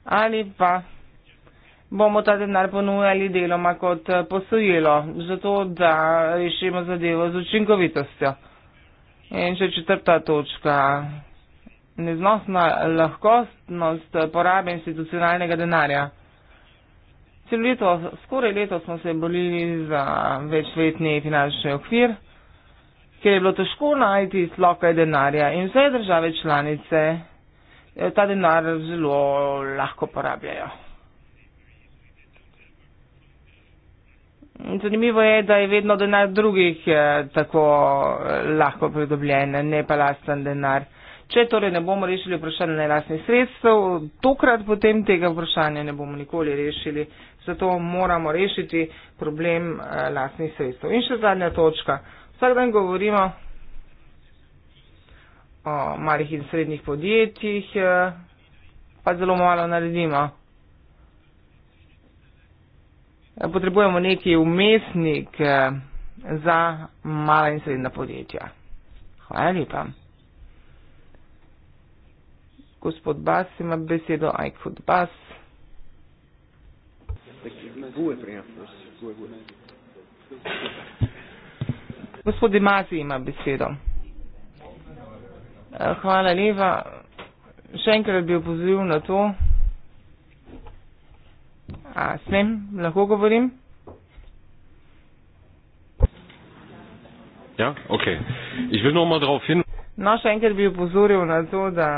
ali pa bomo ta denar ponujali deloma kot eh, posojilo, zato da rešimo zadevo z učinkovitostjo. In še četrta točka. Neznosna lahkostnost eh, porabe institucionalnega denarja. Celo leto, skoraj leto smo se borili za večletni finančni okvir, ker je bilo težko najti slokaj denarja in vse države članice eh, ta denar zelo lahko porabljajo. Zanimivo je, da je vedno denar drugih eh, tako eh, lahko pridobljen, ne pa lasten denar. Če torej ne bomo rešili vprašanja najlasnih sredstev, tokrat potem tega vprašanja ne bomo nikoli rešili. Zato moramo rešiti problem eh, lasnih sredstev. In še zadnja točka. Vsak dan govorimo o malih in srednjih podjetjih, pa zelo malo naredimo potrebujemo neki umestnik eh, za mala in srednja podjetja. Hvala lepa. Gospod Bas ima besedo, Ajkut Bas. Gospod Dimazi ima besedo. Eh, hvala lepa. Še enkrat bi opozoril na to, A smem, lahko govorim? Ja, ok. Ich will nur mal drauf hin. No, še enkrat bi upozoril na to, da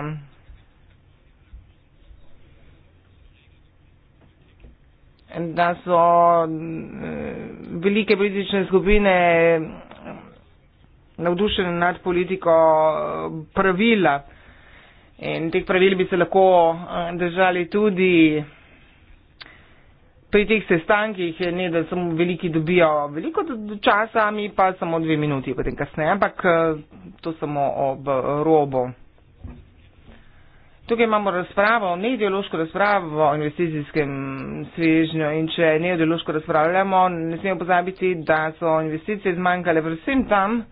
da so mm, velike politične skupine navdušene nad politiko eh, pravila. In teh pravil bi se lahko eh, držali tudi pri teh sestankih je ne, da samo veliki dobijo veliko časa, mi pa samo dve minuti potem kasneje, ampak eh, to samo ob robo. Tukaj imamo razpravo, neideološko razpravo o investicijskem svežnju in če neideološko razpravljamo, ne smemo pozabiti, da so investicije zmanjkale vsem tam,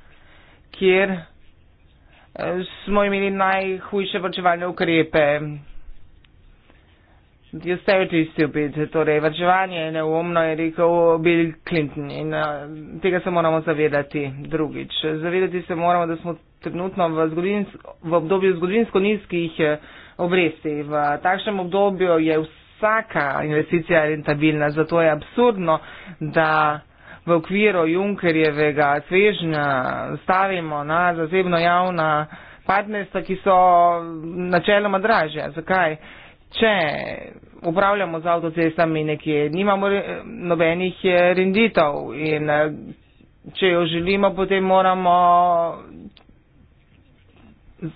kjer eh, smo imeli najhujše vrčevalne ukrepe. Ti ostajajo ti stupid, torej vrževanje je neumno, je rekel Bill Clinton in uh, tega se moramo zavedati drugič. Zavedati se moramo, da smo trenutno v, v obdobju zgodovinsko nizkih eh, obresti. V takšnem obdobju je vsaka investicija rentabilna, zato je absurdno, da v okviru Junkerjevega svežnja stavimo na zasebno javna partnerstva, ki so načeloma dražja. Zakaj? če upravljamo z avtocestami nekje, nimamo nobenih eh, renditev in eh, če jo želimo, potem moramo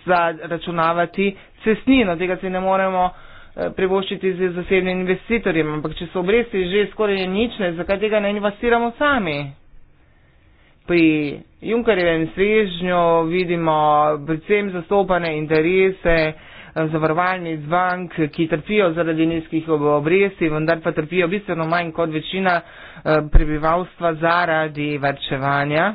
zaračunavati cestnino, tega se ne moremo eh, privoščiti z zasebnim investitorjem, ampak če so obresti že skoraj nične, zakaj tega ne investiramo sami? Pri Junkarjevem svežnju vidimo predvsem zastopane interese, zavarovalnic bank, ki trpijo zaradi nizkih obresti, vendar pa trpijo bistveno manj kot večina eh, prebivalstva zaradi varčevanja.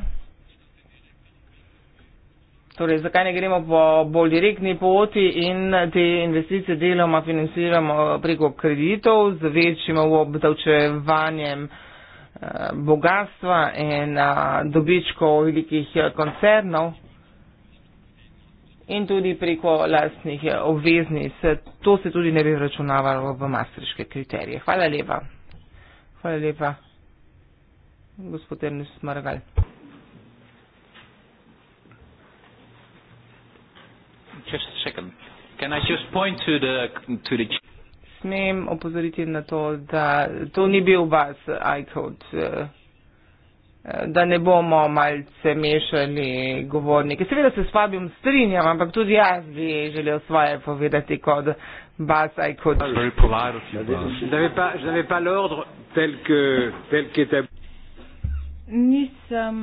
Torej, zakaj ne gremo po bolj direktni poti in te investicije deloma financiramo preko kreditov z večjim obdavčevanjem eh, bogatstva in eh, dobičkov velikih koncernov? in tudi preko lastnih obveznic. To se tudi ne bi računavalo v mastriške kriterije. Hvala lepa. Hvala lepa, gospod Ernest Smargal. Smem opozoriti na to, da to ni bil vas iCode. Uh, da ne bomo malce mešali govornike. Seveda se s Fabijem strinjam, ampak tudi jaz bi želel svoje povedati kot bas, aj kot. Nisem,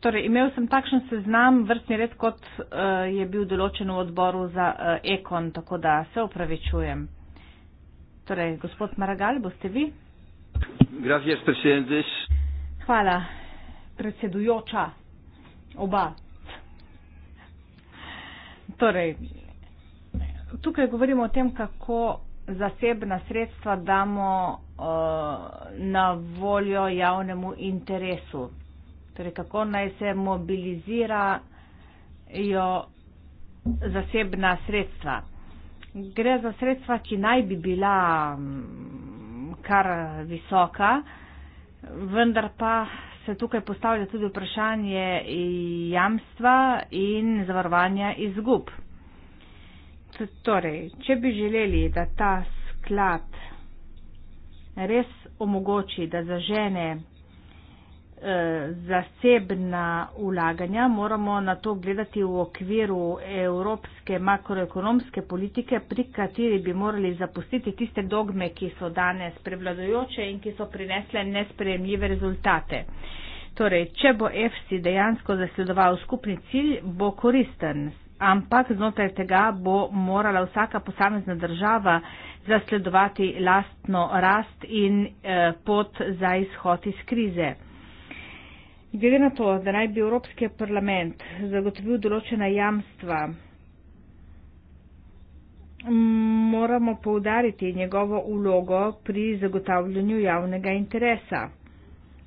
torej imel sem takšen seznam, vrstni red, kot uh, je bil določen v odboru za uh, ekon, tako da se upravičujem. Torej, gospod Maragal, boste vi? Gracias, Hvala, predsedujoča, oba. Torej, tukaj govorimo o tem, kako zasebna sredstva damo uh, na voljo javnemu interesu. Torej, kako naj se mobilizirajo zasebna sredstva. Gre za sredstva, ki naj bi bila mm, kar visoka, uh, vendar pa se tukaj postavlja tudi vprašanje jamstva in zavarovanja izgub. Torej, če bi želeli, da ta sklad res omogoči, da zažene zasebna ulaganja, moramo na to gledati v okviru evropske makroekonomske politike, pri kateri bi morali zapustiti tiste dogme, ki so danes prevladojoče in ki so prinesle nespremljive rezultate. Torej, če bo EFSI dejansko zasledoval skupni cilj, bo koristen, ampak znotraj tega bo morala vsaka posamezna država zasledovati lastno rast in eh, pot za izhod iz krize. Glede na to, da naj bi Evropski parlament zagotovil določena jamstva, moramo poudariti njegovo ulogo pri zagotavljanju javnega interesa.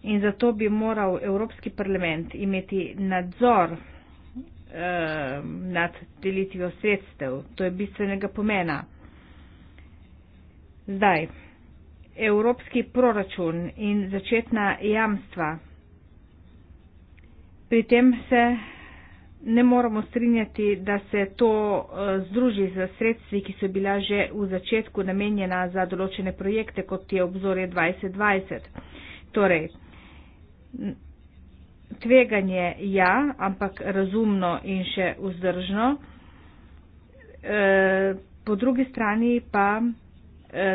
In zato bi moral Evropski parlament imeti nadzor eh, nad delitvijo sredstev. To je bistvenega pomena. Zdaj, Evropski proračun in začetna jamstva pri tem se ne moramo strinjati, da se to eh, združi z sredstvi, ki so bila že v začetku namenjena za določene projekte, kot je obzorje 2020. Torej, tveganje ja, ampak razumno in še vzdržno. E, po drugi strani pa. E,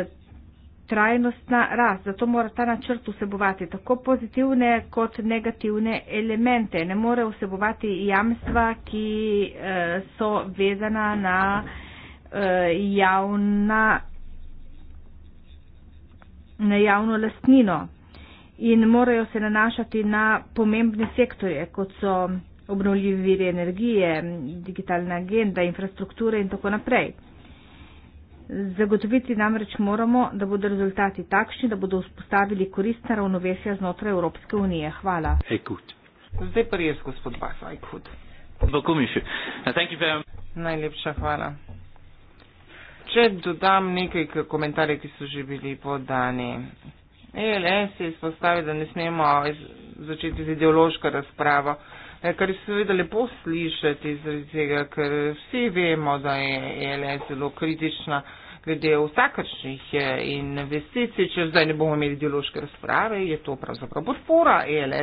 trajnostna rast. Zato mora ta načrt vsebovati tako pozitivne kot negativne elemente. Ne more vsebovati jamstva, ki eh, so vezana na eh, javna. Na javno lastnino in morajo se nanašati na pomembne sektorje, kot so obnovljivi viri energije, digitalna agenda, infrastrukture in tako naprej. Zagotoviti namreč moramo, da bodo rezultati takšni, da bodo vzpostavili koristna ravnovesja znotraj Evropske unije. Hvala. Ekut. Zdaj pa res, gospod Basa, ekut. Uh, Najlepša hvala. Če dodam nekaj komentarjev, ki so že bili podani. ELS je izpostavil, da ne smemo začeti z ideološko razpravo. E, kar je seveda lepo slišati, zaradi tega, ker vsi vemo, da je ELE zelo kritična glede vsakršnih e, investicij. Če zdaj ne bomo imeli ideološke razprave, je to pravzaprav podpora ELE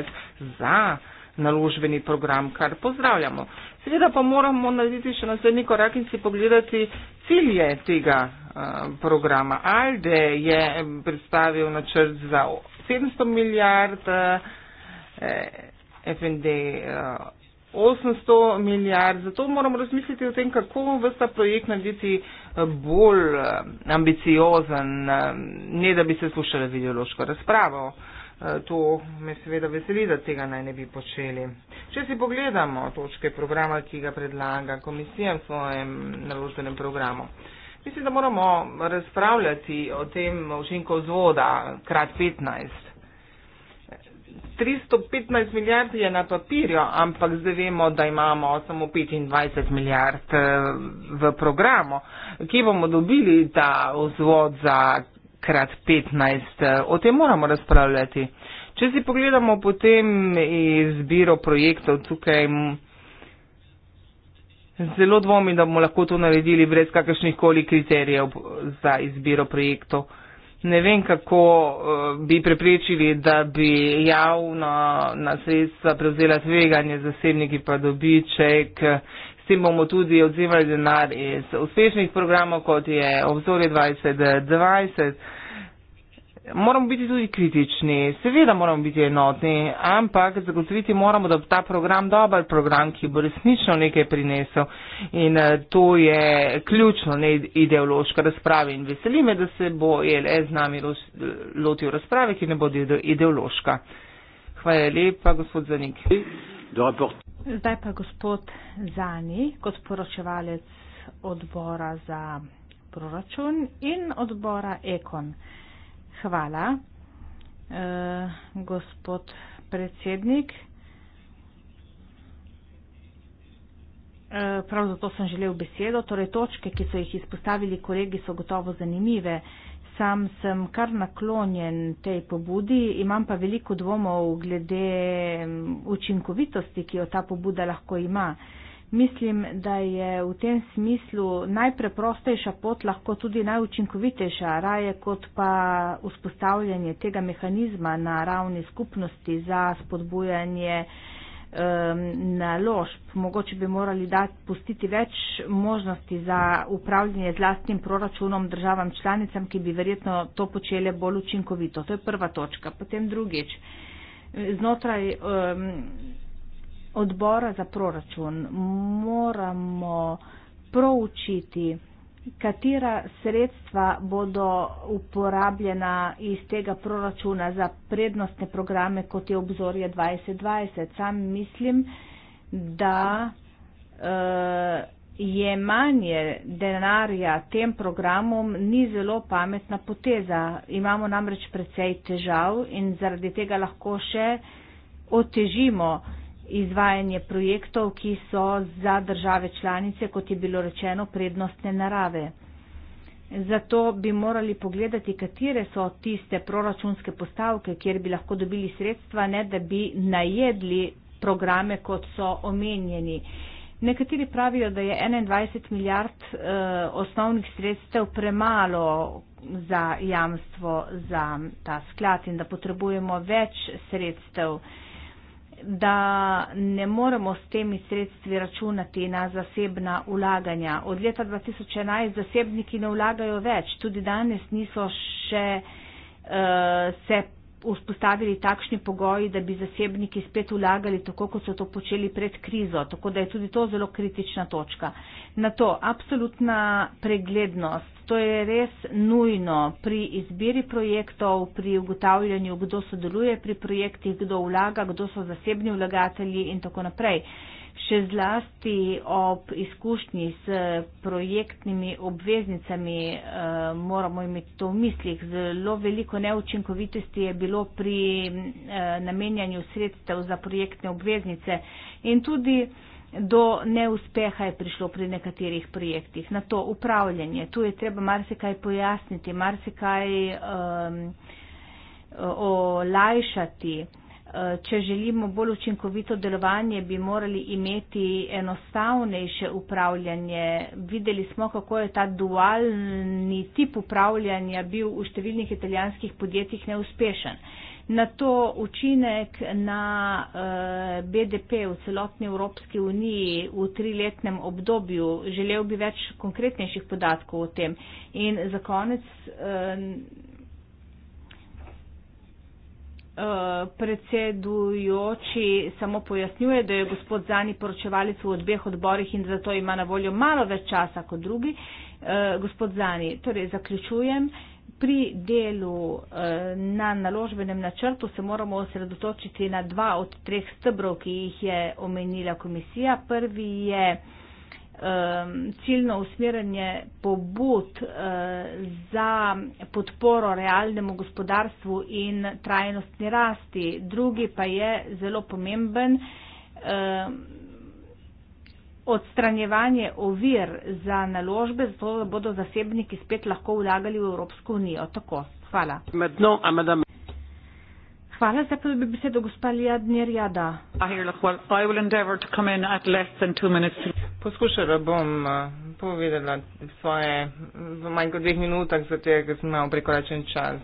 za naložbeni program, kar pozdravljamo. Seveda pa moramo narediti še naslednji korak in si pogledati cilje tega uh, programa. ALDE je predstavil načrt za 700 milijard. Uh, FND uh, 800 milijard. Zato moramo razmisliti o tem, kako vsta projekt narediti eh, bolj uh, ambiciozen, uh, ne da bi se slušali v ideološko razpravo. To me seveda veseli, da tega naj ne bi počeli. Če si pogledamo točke programa, ki ga predlaga komisija v svojem naložbenem programu, mislim, da moramo razpravljati o tem učinko vzvoda krat 15. 315 milijard je na papirju, ampak zdaj vemo, da imamo samo 25 milijard eh, v programu. Kje bomo dobili ta vzvod za krat 15? Eh, o tem moramo razpravljati. Če si pogledamo potem izbiro projektov tukaj, zelo dvomi, da bomo lahko to naredili brez kakršnih koli kriterijev za izbiro projektov ne vem, kako eh, bi preprečili, da bi javna na sredstva prevzela tveganje, zasebniki pa dobiček. S tem bomo tudi odzivali denar iz uspešnih programov, kot je obzorje 2020 moramo biti tudi kritični, seveda moramo biti enotni, ampak zagotoviti moramo, da bo ta program dober program, ki bo resnično nekaj prinesel. In eh, to je ključno, ne ideološka razprava. In veseli me, da se bo ELE z nami lotil razprave, ki ne bo ideološka. Hvala lepa, gospod Zanik. Zdaj pa gospod Zani, kot poročevalec odbora za proračun in odbora Ekon hvala. E, gospod predsednik, e, prav zato sem želel besedo. Torej, točke, ki so jih izpostavili kolegi, so gotovo zanimive. Sam sem kar naklonjen tej pobudi, imam pa veliko dvomov glede učinkovitosti, ki jo ta pobuda lahko ima. E, Mislim, da je v tem smislu najpreprostejša pot lahko tudi najučinkovitejša, raje kot pa vzpostavljanje tega mehanizma na ravni skupnosti za spodbujanje um, naložb. Mogoče bi morali dati, pustiti več možnosti za upravljanje z lastnim proračunom državam članicam, ki bi verjetno to počele bolj učinkovito. To je prva točka. Potem drugič. Znotraj. Um, odbora za proračun moramo proučiti, katera sredstva bodo uporabljena iz tega proračuna za prednostne programe, kot je obzorje 2020. Sam mislim, da uh, eh, je manje denarja tem programom ni zelo pametna poteza. Imamo namreč precej težav in zaradi tega lahko še otežimo uh, izvajanje projektov, ki so za države članice, kot je bilo rečeno, prednostne narave. Zato bi morali pogledati, katere so tiste proračunske postavke, kjer bi lahko dobili sredstva, ne da bi najedli programe, kot so omenjeni. Nekateri pravijo, da je 21 milijard eh, osnovnih sredstev premalo za jamstvo za ta sklad in da potrebujemo več sredstev. Eh, da ne moremo s temi sredstvi računati na zasebna ulaganja. Od leta 2011 zasebniki ne vlagajo več, tudi danes niso še uh, se vzpostavili takšni pogoji, da bi zasebniki spet vlagali tako, kot so to počeli pred krizo. Tako da je tudi to zelo kritična točka. Na to, absolutna preglednost to je res nujno pri izbiri projektov, pri ugotavljanju, kdo sodeluje pri projektih, kdo vlaga, kdo so zasebni vlagatelji in tako naprej. Še zlasti ob izkušnji s projektnimi obveznicami eh, moramo imeti to v mislih. Zelo veliko neučinkovitosti je bilo pri eh, namenjanju sredstev za projektne obveznice in tudi do neuspeha je prišlo pri nekaterih projektih, na to upravljanje. Tu je treba marsikaj pojasniti, marsikaj um, olajšati. Uh, če želimo bolj učinkovito delovanje, bi morali imeti enostavnejše upravljanje. Videli smo, kako je ta dualni tip upravljanja bil v številnih italijanskih podjetjih neuspešen. Uh, na to učinek na eh, BDP v celotni Evropski uniji v triletnem obdobju. Želel bi več konkretnejših podatkov o tem. In za konec eh, eh, predsedujoči samo pojasnjuje, da je gospod Zani poročevalec v dveh odborih in zato ima na voljo malo več časa kot drugi. Gospod Zani, torej zaključujem pri delu eh, na naložbenem načrtu se moramo osredotočiti na dva od treh stebrov, ki jih je omenila komisija. Prvi je ehm, ciljno usmerjanje pobud eh, za podporo realnemu gospodarstvu in trajnostni rasti. Drugi pa je zelo pomemben ehm, odstranjevanje ovir za naložbe, zato da bodo zasebniki spet lahko vlagali v Evropsko unijo. Tako, hvala. No, madame... Hvala za to, da bi besedo gospa Lijadnir Jada. Well. Poskušala bom povedala svoje v manj kot dveh minutah, zato ker sem imel prekoračen čas.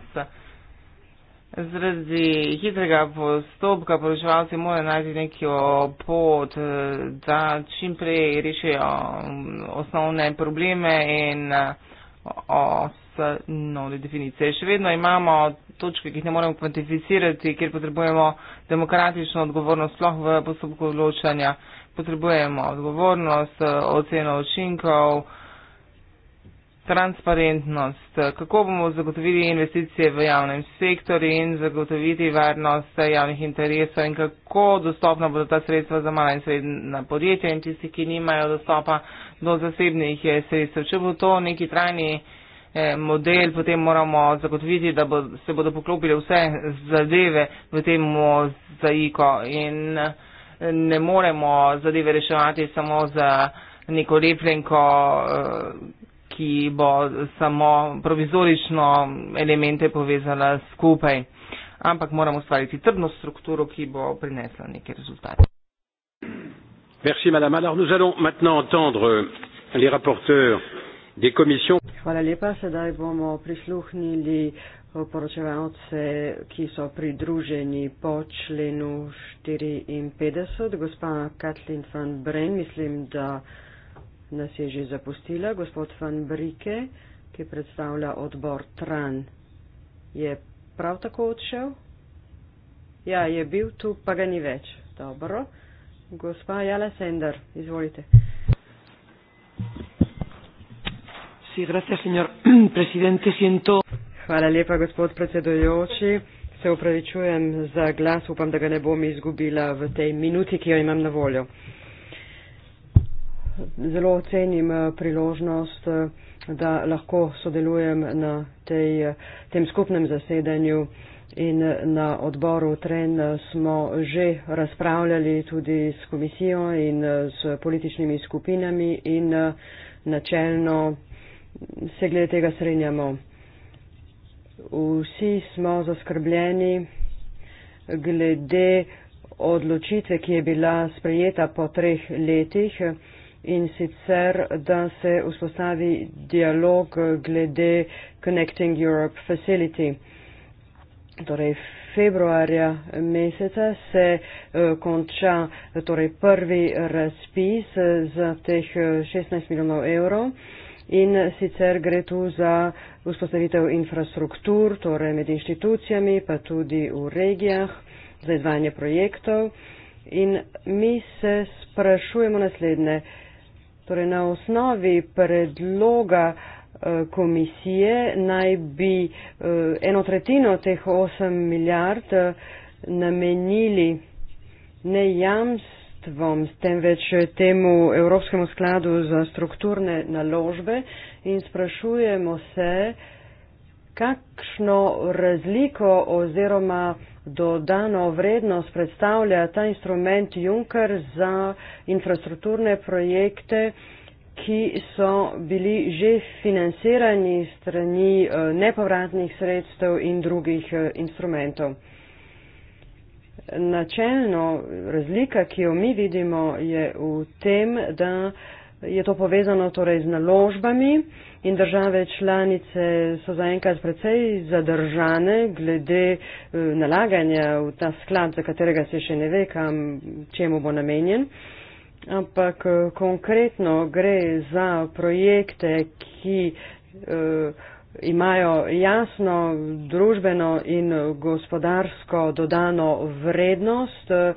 Zredi hitrega postopka poroževalci morajo najti nekjo pot, eh, da čim prej rešijo mm, osnovne probleme in eh, osnovne definicije. Še vedno imamo točke, ki jih ne moremo kvantificirati, kjer potrebujemo demokratično odgovornost, sploh v postopku odločanja. Potrebujemo odgovornost, eh, oceno učinkov transparentnost, kako bomo zagotovili investicije v javnem sektorju in zagotoviti varnost javnih interesov in kako dostopna bodo ta sredstva za mala in srednja podjetja in tisti, ki nimajo dostopa do zasebnih eh, sredstev. Če bo to neki trajni eh, model, potem moramo zagotoviti, da bo, se bodo poklopile vse zadeve v tem mozaiko in eh, ne moremo zadeve reševati samo za neko lepljenko. Uh, ki bo samo provizorično elemente povezala skupaj, ampak moramo ustvariti trdno strukturo, ki bo prinesla neke rezultate. Merci, Alors, les Hvala lepa, sedaj bomo prisluhnili poročevalce, ki so pridruženi po členu 54, gospa Katlin van Bren, mislim, da nas je že zapustila gospod Van Brike, ki predstavlja odbor Tran. Je prav tako odšel? Ja, je bil tu, pa ga ni več. Dobro. Gospa Jala Sender, izvolite. Sí, gracias, señor presidente. Siento... Hvala lepa, gospod predsedojoči. Se upravičujem za glas, upam, da ga ne bom izgubila v tej minuti, ki jo imam na voljo zelo cenim eh, priložnost, eh, da lahko sodelujem na tej, eh, tem skupnem zasedanju in na odboru Tren smo že razpravljali tudi s komisijo in s političnimi skupinami in načelno se glede tega srenjamo. Vsi smo zaskrbljeni glede odločitve, ki je bila sprejeta po treh letih in sicer, da se vzpostavi dialog glede Connecting Europe Facility. Torej, februarja meseca se uh, konča torej, prvi razpis uh, za teh 16 eh, milijonov evrov in sicer gre tu za vzpostavitev infrastruktur, torej med inštitucijami, pa tudi v regijah za izvajanje projektov. In mi se sprašujemo naslednje. Uh, Torej, na osnovi predloga eh, komisije naj bi eh, eno tretjino teh 8 milijard eh, namenili ne jamstvom, temveč temu Evropskemu skladu za strukturne naložbe in sprašujemo se, kakšno razliko oziroma dodano vrednost predstavlja ta instrument Juncker za infrastrukturne projekte, ki so bili že financirani strani eh, nepovratnih sredstev in drugih eh, instrumentov. Načelno razlika, ki jo mi vidimo, je v tem, da je to povezano torej z naložbami, in države članice so zaenkrat precej zadržane glede eh, nalaganja v ta sklad, za katerega se še ne ve, kam, čemu bo namenjen. Ampak eh, konkretno gre za projekte, ki uh, imajo jasno družbeno in gospodarsko dodano vrednost. Uh,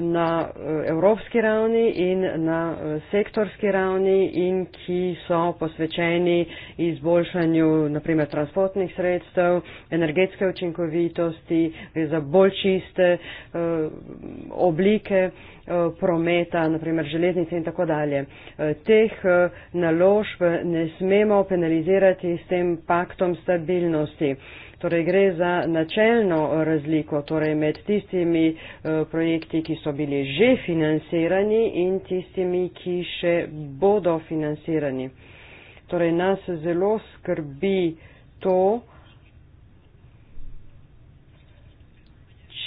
na eh, evropski ravni in na eh, sektorski ravni in ki so posvečeni izboljšanju naprimer transportnih sredstev, energetske učinkovitosti, za bolj čiste eh, oblike prometa, naprimer železnice in tako dalje. Teh naložb ne smemo penalizirati s tem paktom stabilnosti. Torej gre za načelno razliko torej med tistimi eh, projekti, ki so bili že financirani in tistimi, ki še bodo financirani. Torej nas zelo skrbi to,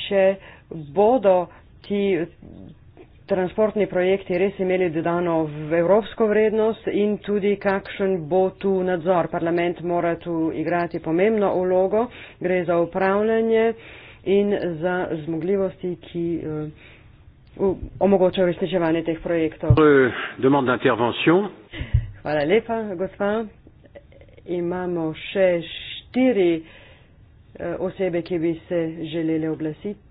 če bodo ti transportni projekti res imeli dodano evropsko vrednost in tudi kakšen bo tu nadzor. Parlament mora tu igrati pomembno vlogo, gre za upravljanje in za zmogljivosti, ki eh, omogočajo uresničevanje teh projektov. Hvala lepa, gospa. Imamo še štiri eh, osebe, ki bi se želeli oglasiti.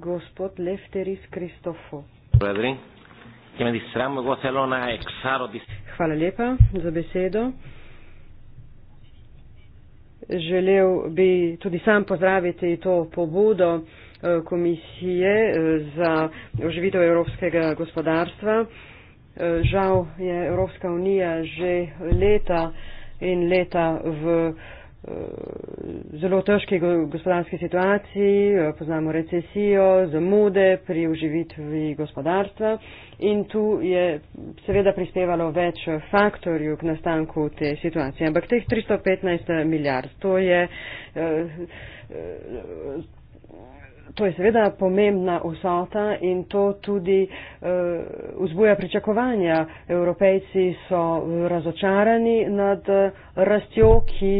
Gospod Lefteris Kristofo. Hvala lepa za besedo. Želel bi tudi sam pozdraviti to pobudo eh, komisije eh, za oživitev evropskega gospodarstva. Eh, žal je Evropska unija že leta in leta v Eh, zelo težki gospodarski situaciji, eh, poznamo recesijo, zamude pri uživitvi gospodarstva in tu je seveda prispevalo več faktorjev k nastanku te situacije. Ampak teh 315 milijard, to je, eh, to je seveda pomembna vsota in to tudi vzbuja pričakovanja. Evropejci so razočarani nad rastjo, ki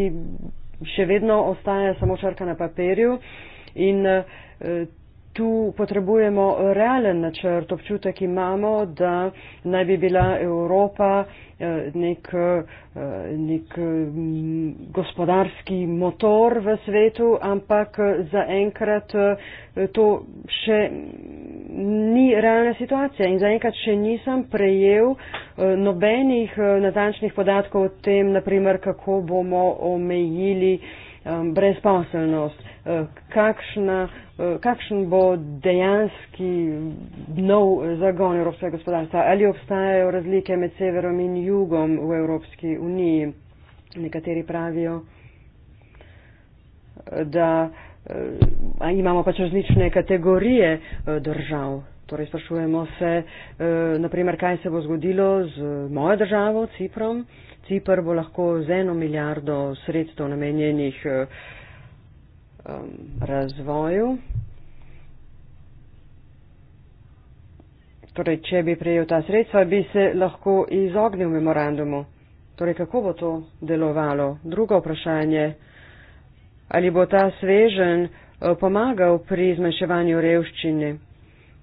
še vedno ostaja samo črka na papirju in eh, tu potrebujemo realen načrt. Občutek imamo, da naj bi bila Evropa eh, nek, eh, nek mm, gospodarski motor v svetu, ampak zaenkrat eh, to še ni realna situacija in zaenkrat še nisem prejel nobenih natančnih podatkov o tem, naprimer, kako bomo omejili brezposelnost kakšna, kakšen bo dejanski nov zagon evropskega gospodarstva, ali obstajajo razlike med severom in jugom v Evropski uniji. Nekateri pravijo, da imamo pač različne kategorije e, držav. Torej sprašujemo se, e, naprimer, kaj se bo zgodilo z mojo državo, Ciprom. Cipr bo lahko z eno milijardo sredstev namenjenih e, um, razvoju. Torej, če bi prejel ta sredstva, bi se lahko izognil memorandumu. Torej, kako bo to delovalo? Drugo vprašanje. Ali bo ta svežen eh, pomagal pri zmanjševanju revščine?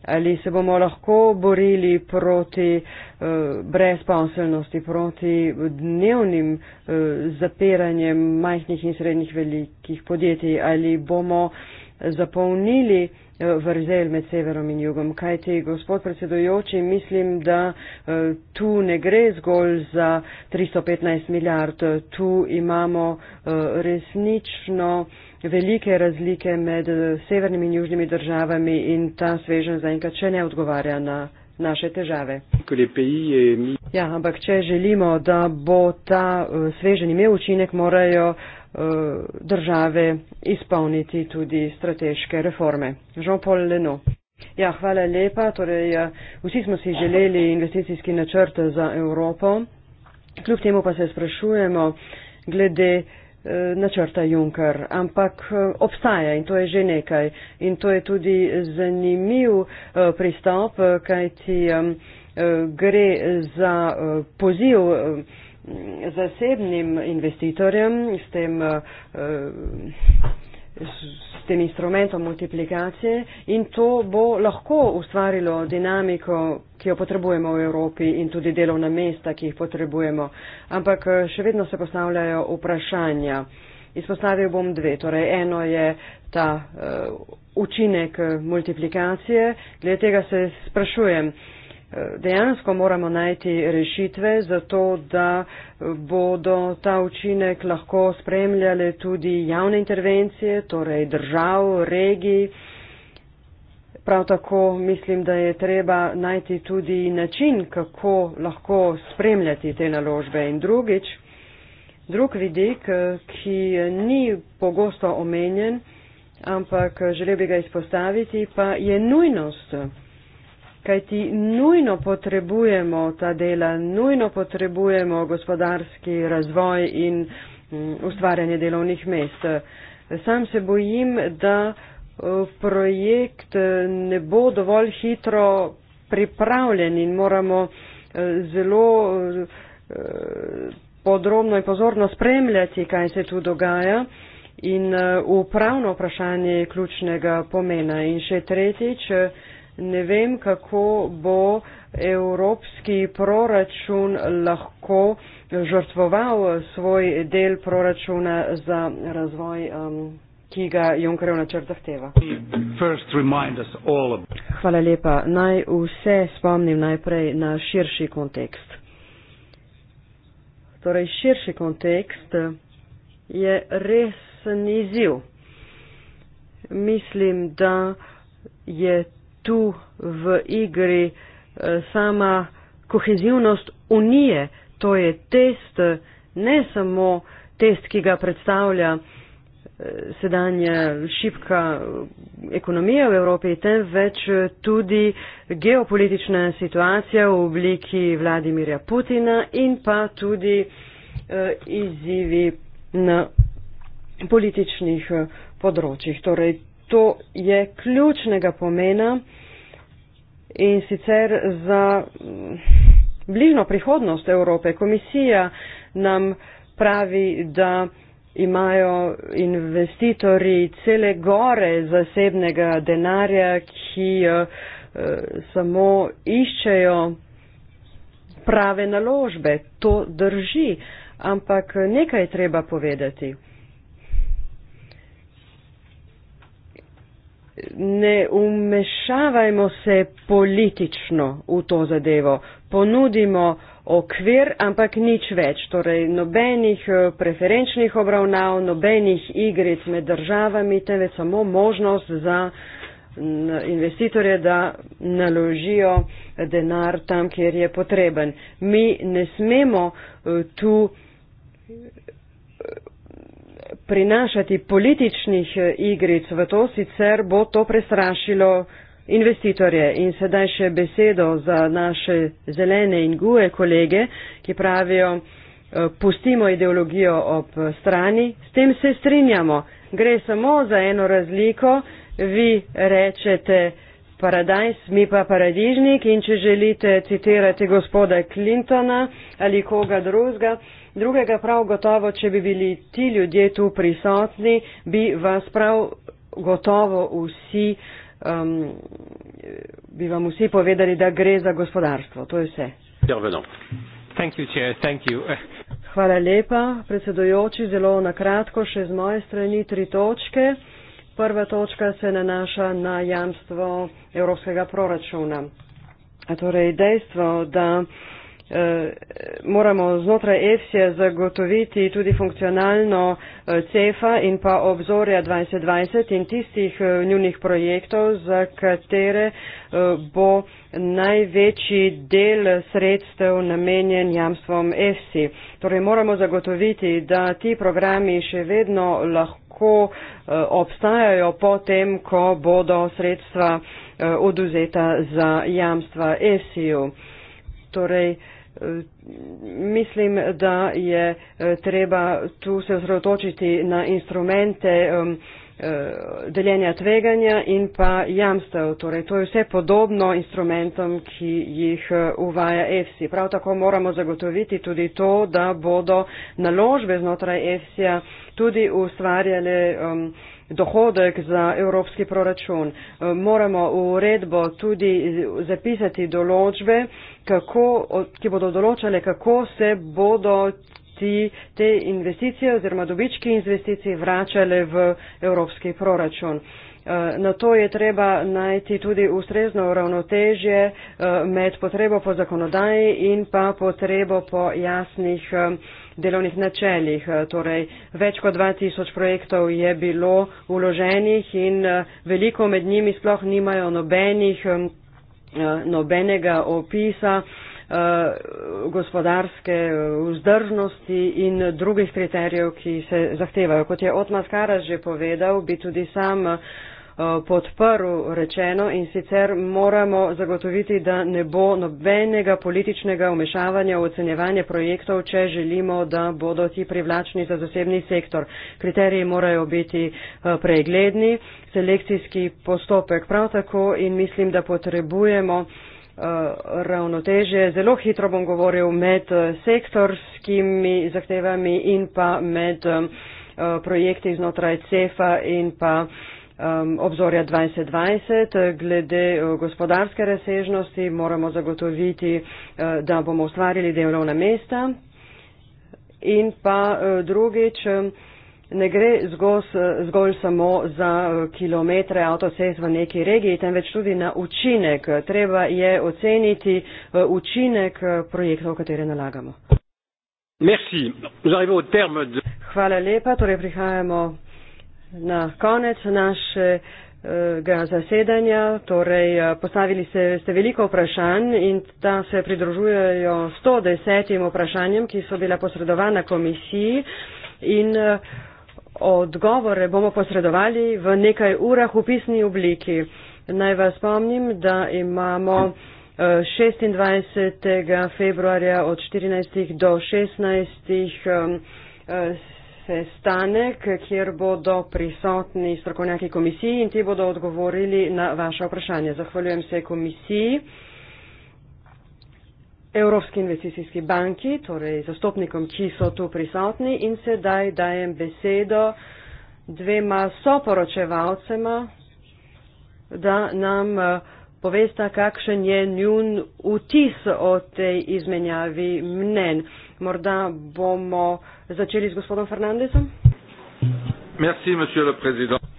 ali se bomo lahko borili proti uh, brezposelnosti, proti dnevnim uh, zapiranjem majhnih in srednjih velikih podjetij, ali bomo zapolnili uh, vrzel med severom in jugom. Kaj ti, gospod predsedujoči, mislim, da uh, tu ne gre zgolj za 315 milijard, tu imamo uh, resnično velike razlike med eh, severnimi in južnimi državami in ta svežen zaenkrat še ne odgovarja na naše težave. Eh, ja, ampak če želimo, da bo ta eh, svežen imel učinek, morajo države izpolniti tudi strateške reforme. Jean-Paul Leno. Ja, hvala lepa. Torej, ja, vsi smo si želeli investicijski načrt za Evropo. Kljub temu pa se sprašujemo glede Eh, načrta Junker, ampak eh, obstaja in to je že nekaj. In to je tudi zanimiv eh, pristop, kajti gre za poziv zasebnim investitorjem, s tem s tem instrumentom multiplikacije in to bo lahko ustvarilo dinamiko, ki jo potrebujemo v Evropi in tudi delovna mesta, ki jih potrebujemo. Ampak eh, še vedno se postavljajo vprašanja. Izpostavil bom dve. Torej, eno je ta uh, učinek eh, multiplikacije. Glede tega se sprašujem. Uh, dejansko moramo najti rešitve za to, da bodo ta učinek lahko spremljale tudi javne intervencije, torej držav, regij. Prav tako mislim, da je treba najti tudi način, kako lahko spremljati te naložbe. In drugič, drug vidik, ki ni pogosto omenjen, ampak želel bi ga izpostaviti, pa je nujnost kajti nujno potrebujemo ta dela, nujno potrebujemo gospodarski razvoj in mm, ustvarjanje delovnih mest. Sam se bojim, da e, projekt e, ne bo dovolj hitro pripravljen in moramo e, zelo podrobno in pozorno spremljati, kaj se tu dogaja. In upravno vprašanje je ključnega pomena. In še tretjič, ne vem, kako bo evropski proračun lahko žrtvoval svoj del proračuna za razvoj, um, ki ga Junkerjev načrt zahteva. Hvala lepa. Naj vse spomnim najprej na širši kontekst. Torej, širši kontekst je res niziv. Mislim, da je tu v igri eh, sama kohezivnost unije. To je test, ne samo test, ki ga predstavlja eh, sedanja šipka ekonomija v Evropi, temveč tudi geopolitična situacija v obliki Vladimirja Putina in pa tudi eh, izzivi na političnih področjih. Torej, to je ključnega pomena in sicer za mm, bližno prihodnost Evrope. Komisija nam pravi, da imajo investitorji cele gore zasebnega denarja, ki uh, samo iščejo prave naložbe. To drži, ampak nekaj je treba povedati. ne umešavajmo se politično v to zadevo. Ponudimo okvir, ampak nič več. Torej, nobenih eh, preferenčnih obravnav, nobenih igric med državami, temveč samo možnost za investitorje, da naložijo denar tam, kjer je potreben. Mi ne smemo eh, tu prinašati političnih eh, igric v to, sicer bo to prestrašilo investitorje. In sedaj še besedo za naše zelene in guje kolege, ki pravijo, eh, pustimo ideologijo ob strani. S tem se strinjamo. Gre samo za eno razliko. Vi rečete paradajs, mi pa paradižnik in če želite citirati gospoda Clintona ali koga drugega, Drugega prav gotovo, če bi bili ti ljudje tu prisotni, bi vas prav gotovo vsi, um, bi vam vsi povedali, da gre za gospodarstvo. To je vse. Thank you, chair. Thank you. Hvala lepa, predsedojoči. Zelo na kratko še z moje strani tri točke. Prva točka se nanaša na jamstvo evropskega proračuna. A torej dejstvo, da. Eh, moramo znotraj EFSE zagotoviti tudi funkcionalno eh, CEFA in pa obzorja 2020 in tistih eh, njunih projektov, za katere bo največji del sredstev namenjen jamstvom EFSE. Torej moramo zagotoviti, da ti programi še vedno lahko obstajajo potem, ko bodo sredstva oduzeta za jamstva EFSE-ju. Torej, uh, Mislim, da je eh, treba tu se zrotočiti na instrumente um, eh, deljenja tveganja in pa jamstev. Torej, to je vse podobno instrumentom, ki jih eh, uvaja EFSI. Prav tako moramo zagotoviti tudi to, da bodo naložbe znotraj EFSI-ja tudi ustvarjale um, dohodek za evropski proračun. E, moramo v uredbo tudi zapisati določbe, kako, ki bodo določale, kako se bodo ti, te investicije oziroma dobički investicij vračale v evropski proračun. Eh, na to je treba najti tudi ustrezno ravnotežje eh, med potrebo po zakonodaji in pa potrebo po jasnih eh, delovnih načeljih. Torej, več kot 2000 projektov je bilo uloženih in veliko med njimi sploh nimajo nobenih, nobenega opisa gospodarske vzdržnosti in drugih kriterijev, ki se zahtevajo. Kot je Otmar Karas že povedal, bi tudi sam uh, Eh, podprl rečeno in sicer moramo zagotoviti, da ne bo nobenega političnega umešavanja v ocenjevanje projektov, če želimo, da bodo ti privlačni za zasebni sektor. Kriteriji morajo biti eh, pregledni, selekcijski postopek prav tako in mislim, da potrebujemo eh, ravnoteže. Zelo hitro bom govoril med sektorskimi zahtevami in pa med projekti znotraj CEFA in pa um, obzorja 2020. Glede uh, gospodarske razsežnosti moramo zagotoviti, uh, da bomo ustvarili delovna mesta. In pa uh, drugič, um, ne gre zgolj, zgolj samo za kilometre avtocest v neki regiji, temveč tudi na učinek. Treba je oceniti učinek projektov, katere nalagamo. Merci. Hvala lepa, torej prihajamo na konec našega zasedanja. Torej, postavili ste, ste veliko vprašanj in ta se pridružujejo 110 vprašanjem, ki so bila posredovana komisiji. In, eh, Odgovore bomo posredovali v nekaj urah v pisni obliki. Naj vas spomnim, da imamo 26. Eh, februarja od 14. do 16 sestanek, kjer bodo prisotni strokovnjaki komisiji in ti bodo odgovorili na vaše vprašanje. Zahvaljujem se komisiji, Evropski investicijski banki, torej zastopnikom, ki so tu prisotni in sedaj dajem besedo dvema soporočevalcema, da nam uh, povesta, kakšen je njun vtis o tej izmenjavi mnen. Morda bomo začeli z gospodom Fernandezom. Merci,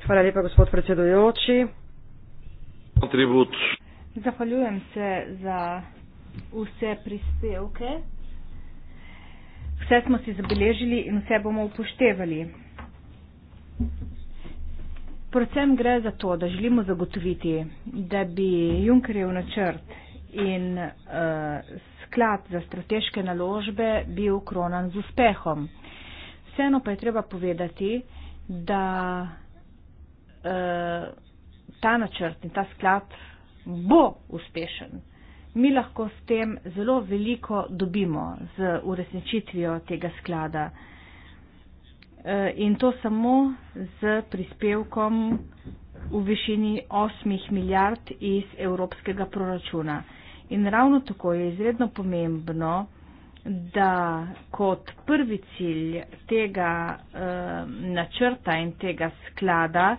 Hvala lepa, gospod predsedujoči. Zahvaljujem se za vse prispevke. Vse smo si zabeležili in vse bomo upoštevali. Predvsem gre za to, da želimo zagotoviti, da bi Junkerjev načrt in uh, sklad za strateške naložbe bil kronan z uspehom. Vseeno pa je treba povedati, da uh, ta načrt in ta sklad bo uspešen. Mi lahko s tem zelo veliko dobimo z uresničitvijo tega sklada. Uh, Eh, in to samo z prispevkom v višini 8 milijard iz evropskega proračuna. In ravno tako je izredno pomembno, da kot prvi cilj tega eh, načrta in tega sklada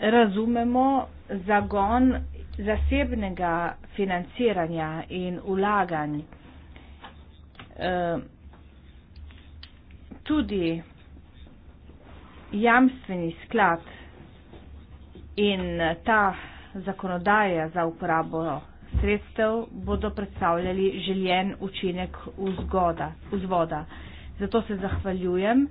razumemo zagon zasebnega financiranja in ulaganj. Eh, tudi jamstveni sklad in ta zakonodaja za uporabo sredstev bodo predstavljali željen učinek vzgoda, vzvoda. Zato se zahvaljujem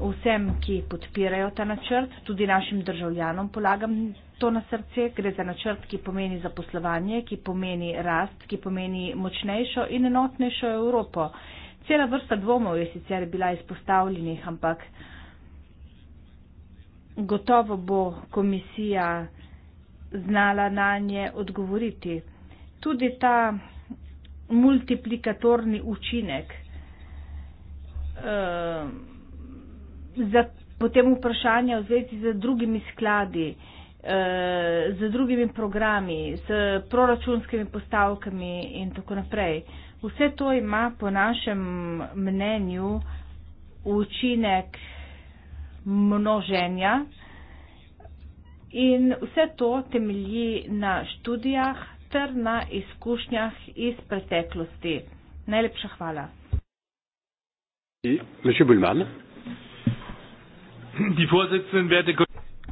vsem, ki podpirajo ta načrt, tudi našim državljanom polagam to na srce. Gre za načrt, ki pomeni zaposlovanje, ki pomeni rast, ki pomeni močnejšo in enotnejšo Evropo. Cela vrsta dvomov je sicer bila izpostavljenih, ampak gotovo bo komisija znala na nje odgovoriti. Tudi ta multiplikatorni učinek eh, za potem vprašanje v zvezi z drugimi skladi, eh, z drugimi programi, s proračunskimi postavkami in tako naprej. Vse to ima po našem mnenju učinek eh, množenja in vse to temelji na študijah ter na izkušnjah iz preteklosti. Najlepša hvala.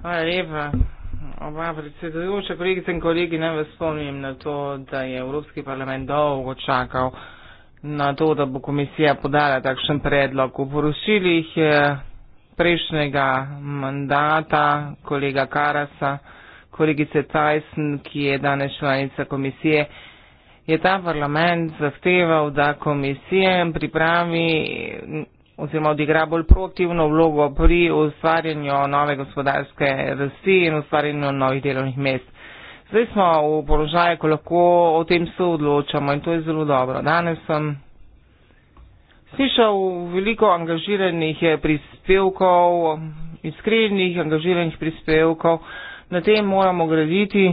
Hvala lepa. Oba predsedujoča, kolegice in kolegi, naj vas spomnim na to, da je Evropski parlament dolgo čakal na to, da bo komisija podala takšen predlog. V poročilih prejšnjega mandata, kolega Karasa, kolegice Tyson, ki je danes članica komisije, je ta parlament zahteval, da komisije pripravi oziroma odigra bolj proaktivno vlogo pri ustvarjanju nove gospodarske rasti in ustvarjanju novih delovnih mest. Zdaj smo v položaju, ko lahko o tem soodločamo in to je zelo dobro. Danes sem slišal veliko angažiranih eh, prispevkov, iskrenih angažiranih prispevkov. Na tem moramo graditi,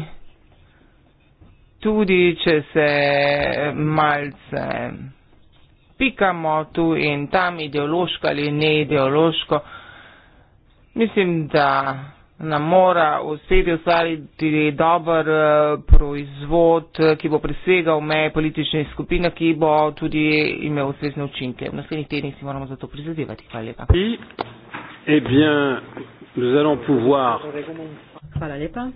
tudi če se malce pikamo tu in tam ideološko ali neideološko. Mislim, da nam mora uspeti ustvariti dober eh, proizvod, eh, ki bo presegal meje politične skupine, ki bo tudi imel ustrezne učinke. V naslednjih tednih si moramo za to prizadevati. Hvala lepa. Eh Hvala lepa.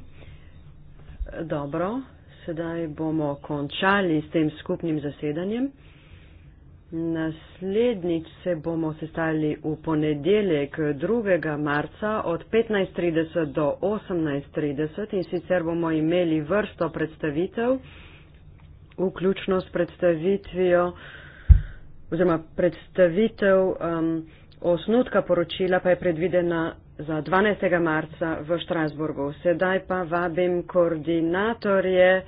Dobro, sedaj bomo končali s tem skupnim zasedanjem. Naslednjič se bomo sestali v ponedeljek 2. marca od 15.30 do 18.30 in sicer bomo imeli vrsto predstavitev, vključno s predstavitvijo oziroma predstavitev um, osnutka poročila pa je predvidena za 12. marca v Štrasburgu. Sedaj pa vabim koordinatorje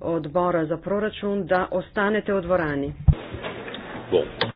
odbora za proračun, da ostanete v dvorani. Bom.